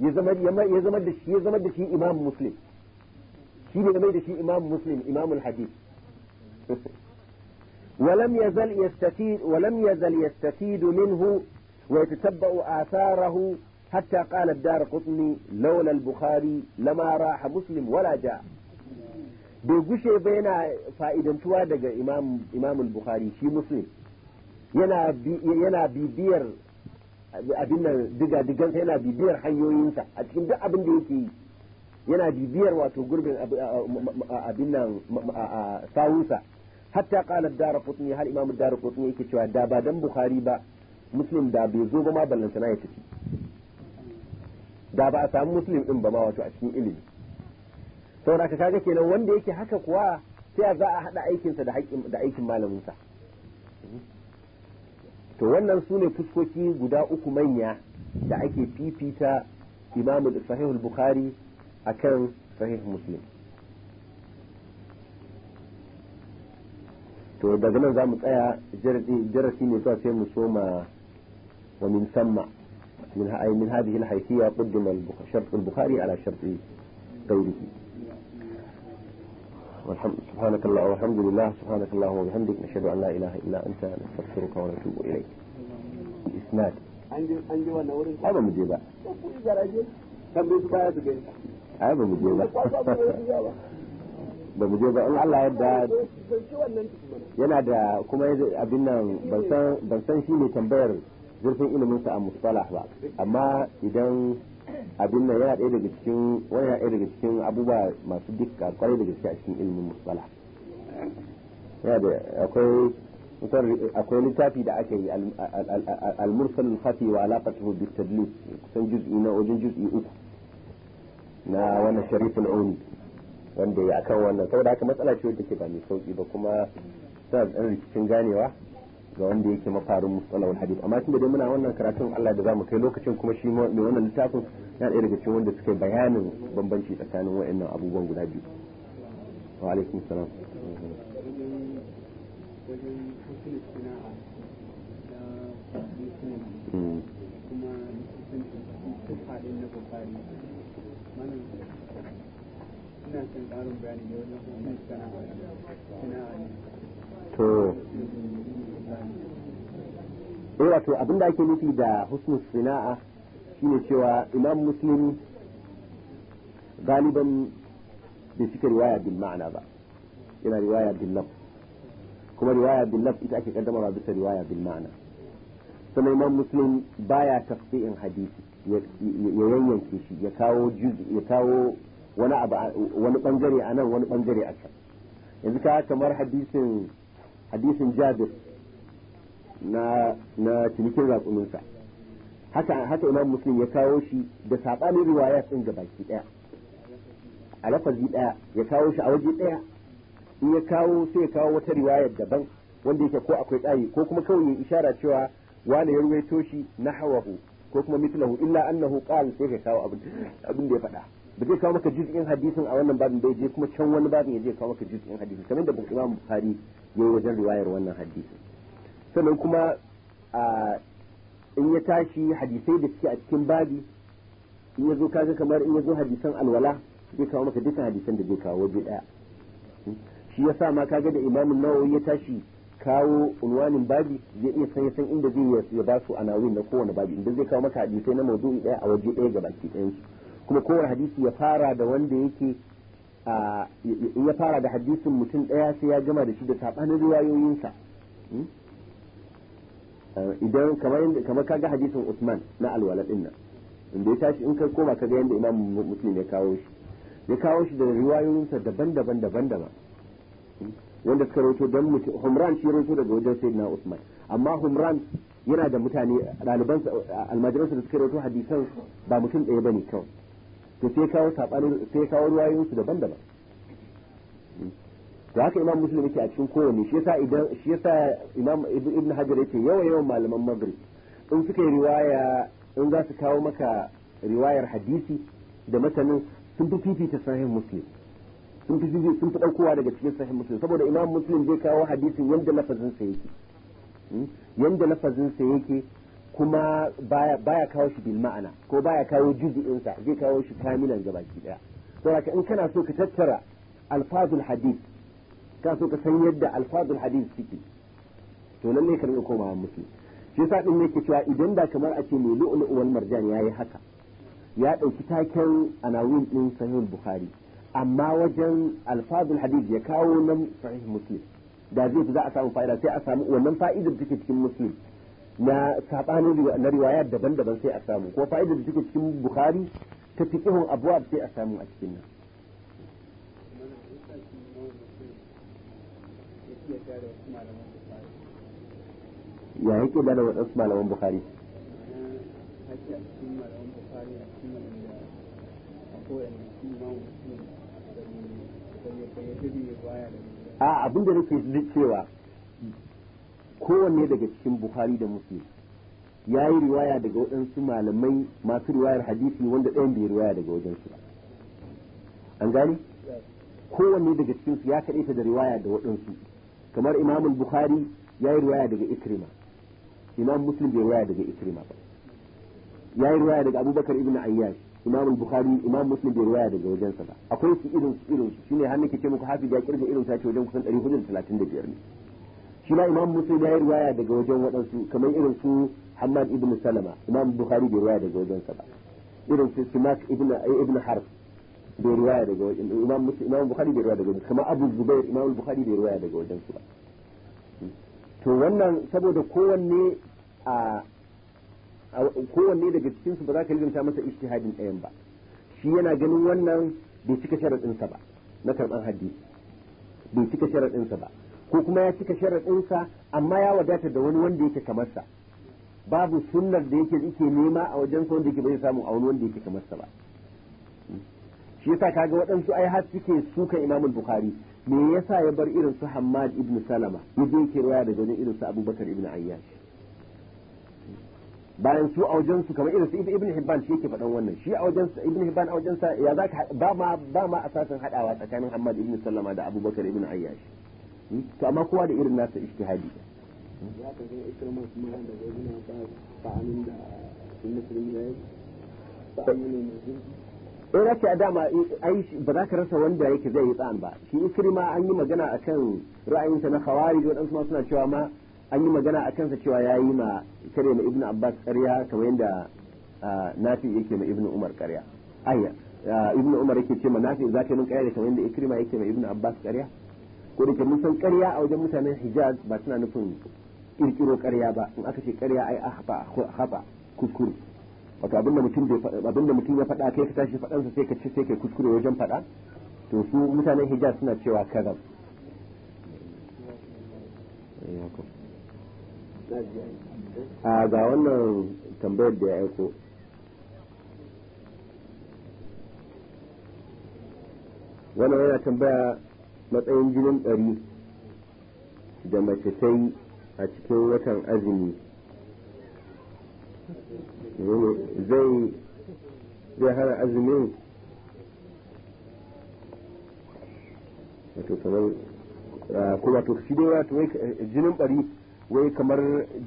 يزمن يما يزمن ده شيء يزمن ده شيء امام مسلم شيء ده ما ده شيء امام مسلم امام الحديث (laughs) ولم يزل يستفيد ولم يزل يستفيد منه ويتتبع اثاره حتى قال الدار قطني لولا البخاري لما راح مسلم ولا جاء bai gushe ba yana fa'idantuwa daga imam bukhari shi muslim yana bibiyar abin nan digadigansa yana bibiyar hanyoyinsa a cikin duk abin da yake yi yana bibiyar wato gurbin abin nan sawunsa hatta kalar dara kutni har imam dara kutni yake cewa da ba dan bukhari ba muslim da bai zo ba ma ballantana ya tafi da ba a samu muslim din ba ma wato a cikin ilimi saboda ka kaga kenan wanda yake haka kuwa sai a za a hada aikin da da aikin malaminsa to wannan su ne fuskoki guda uku manya da ake fifita imamul sahihul bukhari akan sahih muslim to daga nan za mu tsaya darasi ne za sai mu soma wa min samma من أي من هذه الحيثية قدم شرط البخاري على شرط غيره والحمد سبحانك الله والحمد لله سبحانك الله وبحمدك نشهد أن لا إله إلا أنت نستغفرك ونتوب إليك الإسناد هذا عندي وانا هذا مجيبا هذا مجيبا ba mu je ba in Allah yadda yana da zurfin ilimin sa a mustalah ba amma idan abin nan yana ɗaya daga cikin wani ɗaya daga cikin abubuwa masu dukka kwarai da gaske a cikin ilimin mustalah yana da akwai akwai littafi da aka yi al-mursal al-khafi wa alaqatuhu bi tadlis kusan juz'i na wajen juz'i uku na wannan sharifin auni wanda ya akan wannan saboda haka matsala ce wadda ke ba mai sauki ba kuma sai da rikicin ganewa ga wanda yake mafarin mustalahul hadith amma tunda dai muna wannan karatun Allah da zamu kai lokacin kuma shi mai wannan littafin ya daya daga cikin wanda suka bayanin bambanci tsakanin wayannan abubuwan guda biyu wa alaikum salam hmm. to eh wato abinda ake nufi da husnul sina'a shine cewa imam muslim galiban bai cika riwaya bil ma'ana ba yana riwaya bil lafz kuma riwaya bil lafz ita ake ba bisa riwaya bil ma'ana sannan imam muslim baya tafsirin hadisi ya yayyanke shi ya kawo ya kawo wani abu wani bangare a nan wani bangare a can yanzu ka kamar hadisin hadisin jabir na cinikin raƙuminsa haka haka imam muslim ya kawo shi da saɓanin riwaya sun ga baki ɗaya a lafazi ɗaya ya kawo shi a waje ɗaya in ya kawo sai ya kawo wata riwayar daban wanda yake ko akwai ƙayi ko kuma kawai ya ishara cewa wani ya ruwaito shi na hawahu ko kuma mitlahu illa annahu qala sai ka kawo abin da ya faɗa ba zai kawo maka juz'in hadisin a wannan babin bai je kuma can wani babin ya je kawo maka juz'in hadisin kamar da Imam Bukhari yayi wajen riwayar wannan hadisin sannan kuma in ya tashi hadisai da suke a cikin babi in ya zo kaga kamar in ya zo hadisan alwala zai kawo maka dukkan hadisan da zai kawo waje daya shi ya sa ma kaga da imamin nawawi ya tashi kawo unwanin babi zai iya san san inda zai ya ba su anawin na kowane babi inda zai kawo maka hadisai na mawdu'i daya a waje daya ga baki ɗayan su kuma kowane hadisi ya fara da wanda yake ya fara da hadisin mutum daya sai ya gama da shi da sabanin riwayoyinsa hmm? idan kamar yadda kamar kaga hadisin Usman na alwala din nan inda ya tashi in kai koma kaga yadda Imam Muslim ya kawo shi ya kawo shi da riwayoyinsa daban-daban daban-daban wanda suka rawaito dan mutum Humran shi rawaito daga wajen Sayyidina Usman amma Humran yana da mutane ɗaliban sa da suka rawaito hadisan ba mutum ɗaya bane kawai to sai kawo sabanin sai kawo riwayoyinsu daban-daban da haka imam muslim yake a cikin kowanne shi yasa idan shi yasa imam ibn hajar yake yawa yawan malaman maghrib in suka yi riwaya in za su kawo maka riwayar hadisi da matanin sun fi fifita sahih muslim sun fi sun fi daukowa daga cikin sahih muslim saboda imam muslim zai kawo hadisin yanda lafazin sa yake hmm? yanda lafazin sa yake kuma baya baya kawo shi bil ma'ana ko baya kawo juz'in sa zai kawo shi kamilan gabaki daya saboda in kana so ka tattara alfazul hadith ka so ka san yadda alfadul hadith suke to lalle ka rinka komawa musu shi yasa din yake cewa idan da kamar a ce mai lu'lu'u wal marjan yayi haka ya dauki taken anawin din sahih bukhari amma wajen alfadul hadis ya kawo nan sahih muslim da zai fi za a samu fa'ida sai a samu wannan fa'idar take cikin muslim na sabanin na riwaya daban-daban sai a samu ko fa'idar da take cikin bukhari ta fiqhun abwab sai a samu a cikin nan ya yake da waɗansu malaman bukari a abin da nake cewa kowanne daga cikin bukari da muslim ya yi riwaya daga waɗansu malamai masu riwayar hadisi wanda ɗayan bai riwaya daga wajensu an gani kowanne daga cikinsu ya ta da riwaya da waɗansu kamar imam bukhari ya yi ruwaya daga ikrima imam muslim bai ruwaya daga ikrima ba ya yi ruwaya daga abubakar ibn ayyash imam bukhari imam muslim bai ruwaya daga wajensa ba akwai su irin su irin su shine har nake ce muku hafi ya kirga irin sa wajen kusan 435 ne shi ma imam muslim ya yi ruwaya daga wajen waɗansu kamar irin su hammad ibn salama imam bukhari bai ruwaya daga wajensa ba irin su simak ibn ibn harf bai ruwaya daga wajen imam muslim imam bukhari bai riwaya daga wajen kamar abu zubair imam bukhari bai riwaya daga wajen su ba to wannan saboda kowanne a kowanne daga cikin su ba za ka rijanta masa ijtihadin ɗayan ba shi yana ganin wannan bai cika sharaɗinsa ba na karɓar hadisi bai cika sharaɗinsa ba ko kuma ya cika sharaɗinsa amma ya wadata da wani wanda yake kamar sa babu sunnar da yake yake nema a wajen sa wanda yake bai samu a wani wanda yake kamar sa ba shi yasa kaga waɗansu ai har suke sukan imamul bukhari me yasa ya bar irin su hammad ibn salama ya je ke riwaya daga wajen irin su abubakar ibn ayyash bayan su a wajen su kamar irin su ibn hibban shi yake faɗan wannan shi a wajen sa ibn hibban a wajen sa ya zaka ba ma ba ma asasin hadawa tsakanin hammad ibn salama da abubakar ibn ayyash hmm? to amma kowa da irin nasa ijtihadi ya ka ga ikrama kuma da wajen ba ba amin da sunnatul mujahid ba amin da in rafi a dama eh, ba za ka rasa wanda yake zai yi tsan ba shi ma an yi magana a kan ra'ayinsa na da waɗansu ma suna cewa ma an yi magana a kansa cewa ya yi ma kare ma ibn abbas ƙarya kamar yadda ah, nafi yake ma ibn umar ƙarya ayya ah, ibn umar yake ce ma nafi za ka yi ƙarya kamar yadda ma yake ma ibn abbas ƙarya ko da ke mun san ƙarya a wajen mutanen hijaz ba suna nufin kirkiro karya ba in aka ce karya ai a haɓa kuskure wato abinda mutum ya faɗa kai ka tashi faɗansa sai ka ci sai kai kuskure wajen faɗa to su mutanen hijaz suna cewa kazab a ga wannan tambayar da ya aiko wannan yana tambaya matsayin jinin ɗari da mace ta a cikin watan azumi zai zai hana azumi wato kamar ah, kuma to shi dai wato eh, jinin bari wai kamar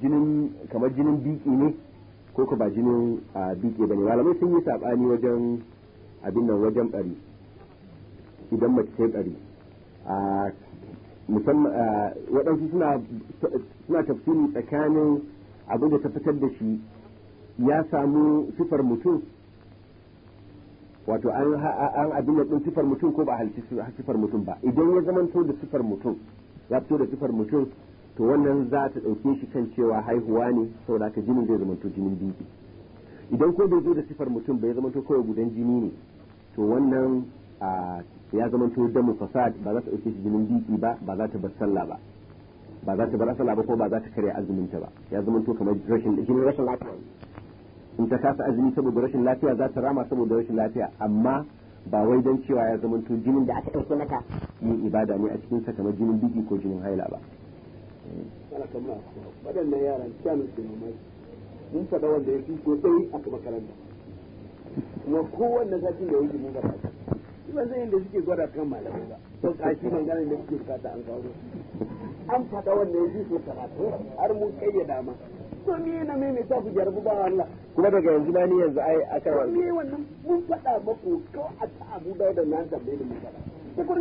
jinin kamar jinin biki ne ko ko ba jinin ah, biki bane malamai sun yi sabani wajen abin nan wajen bari idan mace ta bari a ah, musamman waɗansu suna suna tafsiri tsakanin abin da ta fitar da shi ya samu sifar mutum wato an abin da sifar mutum ko ba halci sifar mutum ba idan ya to da sifar mutum ya fito da sifar mutum to wannan za ta ɗauke shi kan cewa haihuwa ne saboda ka jini zai to jinin biki idan ko bai zo da sifar mutum bai to kawai gudan jini ne to wannan ya to da fasad ba za ta ɗauke shi jinin biki ba ba za ta bar sallah ba ba za ta bar sallah ba ko ba za ta karya azumin ta ba ya to kamar rashin jinin rashin lafiya in ta kasa azumi saboda rashin lafiya za ta rama saboda rashin lafiya amma ba wai don cewa ya zama to jinin da aka ɗauke maka yin ibada ne a cikin sa kamar jinin biki ko jinin haila ba waɗannan yaran kyanin su mamaki mun faɗa wanda ya fi ko ɗai aka makaranta kuma kowanne satin da yake mun gaba ban zan da suke gwada kan malamai ba don kashi maganar da suke bukata an kawo an faɗa wanda ya fi so karatu har mun kayyada ma to na ba daga yanzu na ni yanzu ai wannan mun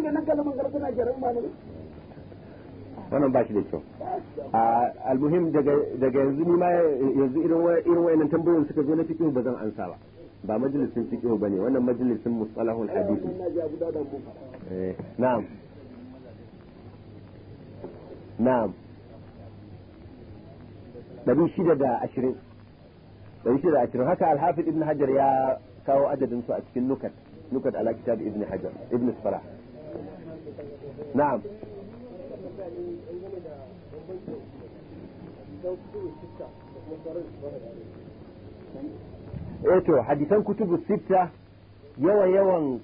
na ni nan kalaman shi da kyau almuhim daga yanzu ni ma yanzu irin wayannan tambayoyin suka zo na fiqh ba zan ansa ba ba majalisin ba ne wannan majalisin mustalahul hadith eh, na'am نبي شدد عشرين نبي شدد عشرين هكا الحافظ ابن حجر يا كاو عدد انسوات في النكت نكت على كتاب ابن حجر ابن الصلاح نعم ايتو حديثا كتب الستة يوى يوى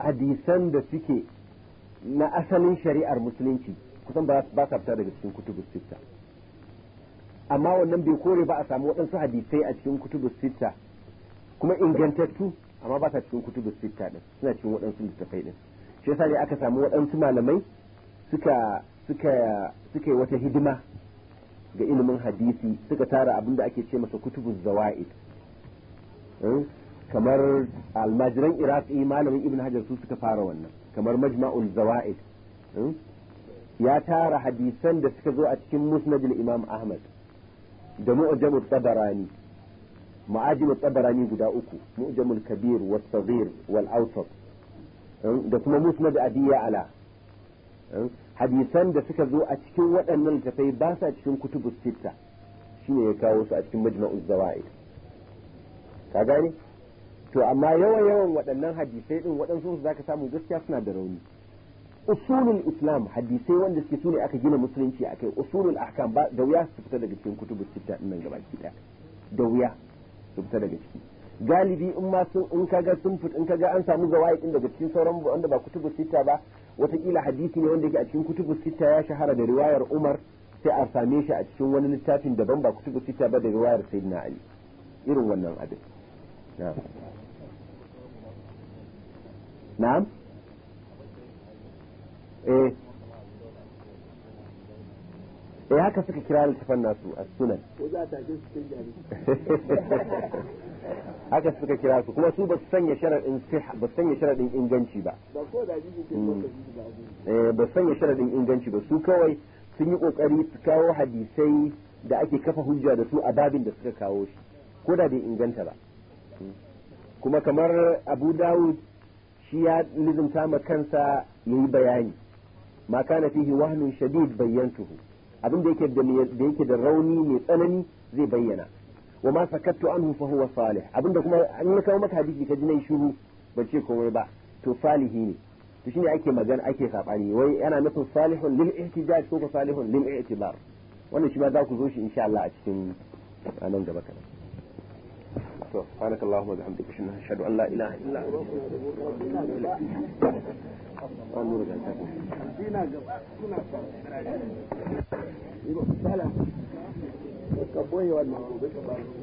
حديثان دسيكي نأسل شريع المسلمين كتن باس بابتا دقسين كتب الستة amma wannan bai kore ba a samu waɗansu hadisai a cikin kutubu sita kuma ingantattu amma ba sa cikin kutubu sita ɗin suna cikin waɗansu littafai ɗin shi yasa ne aka samu waɗansu malamai suka suka suka yi wata hidima ga ilimin hadisi suka tara abin da ake ce masa kutubu zawa'id eh? kamar almajiran iraki malamin ibn hajar su suka fara wannan kamar majma'ul zawa'id eh? ya tara hadisan da suka zo a cikin musnadul imam ahmad da mu'jamul tabarani ma'ajimul tabarani guda uku mu'jamul kabir was saghir wal awsat da kuma musnad adiya ala hadisan da suka zo a cikin waɗannan littafai ba sa cikin kutubus sitta shine ya kawo su a cikin majma'uz zawaid ka gane to amma yawan yawan waɗannan hadisai din waɗansu zaka samu gaskiya suna da rauni usulul islam hadisai wanda suke sune aka gina musulunci akai usulul ahkam ba da wuya su fita daga cikin kutubu sita din nan gabaki daya da wuya su fita daga ciki galibi in ma sun in kaga sun fit in kaga an samu zawai din daga cikin sauran wanda ba kutubu sita ba watakila hadisi ne wanda yake a cikin kutubu sita ya shahara da riwayar Umar sai a same shi a cikin wani littafin daban ba kutubu sita ba da riwayar Sayyidina Ali irin wannan abin na'am na'am eh eh haka suka kira littafan nasu a sunan (laughs) haka suka kira su kuma su ba su sanya sharaɗin ba su sanya sharaɗin inganci ba mm. eh, ba su sanya sharaɗin inganci ba su kawai sun yi kokari su kawo hadisai da ake kafa hujja da su a babin da suka kawo shi ko da bai inganta ba mm. kuma kamar abu dawud shi ya lizumta ma kansa yayi bayani ما كان فيه وهم شديد بينته أبن ديك الروني مثلني زي بينا وما سكت عنه فهو صالح أبن دكما أنك أمك هديك لك جني شهو بلشيكم ربع تفالهيني تشني أيكي مجان أيكي خاف عني أنا مثل صالح للاحتجاج فوق صالح للإعتبار وأنا شما داكو زوشي إن شاء الله أجسن أنا نجبك سبحانك اللهم وبحمدك اشهد ان ان لا اله الا انت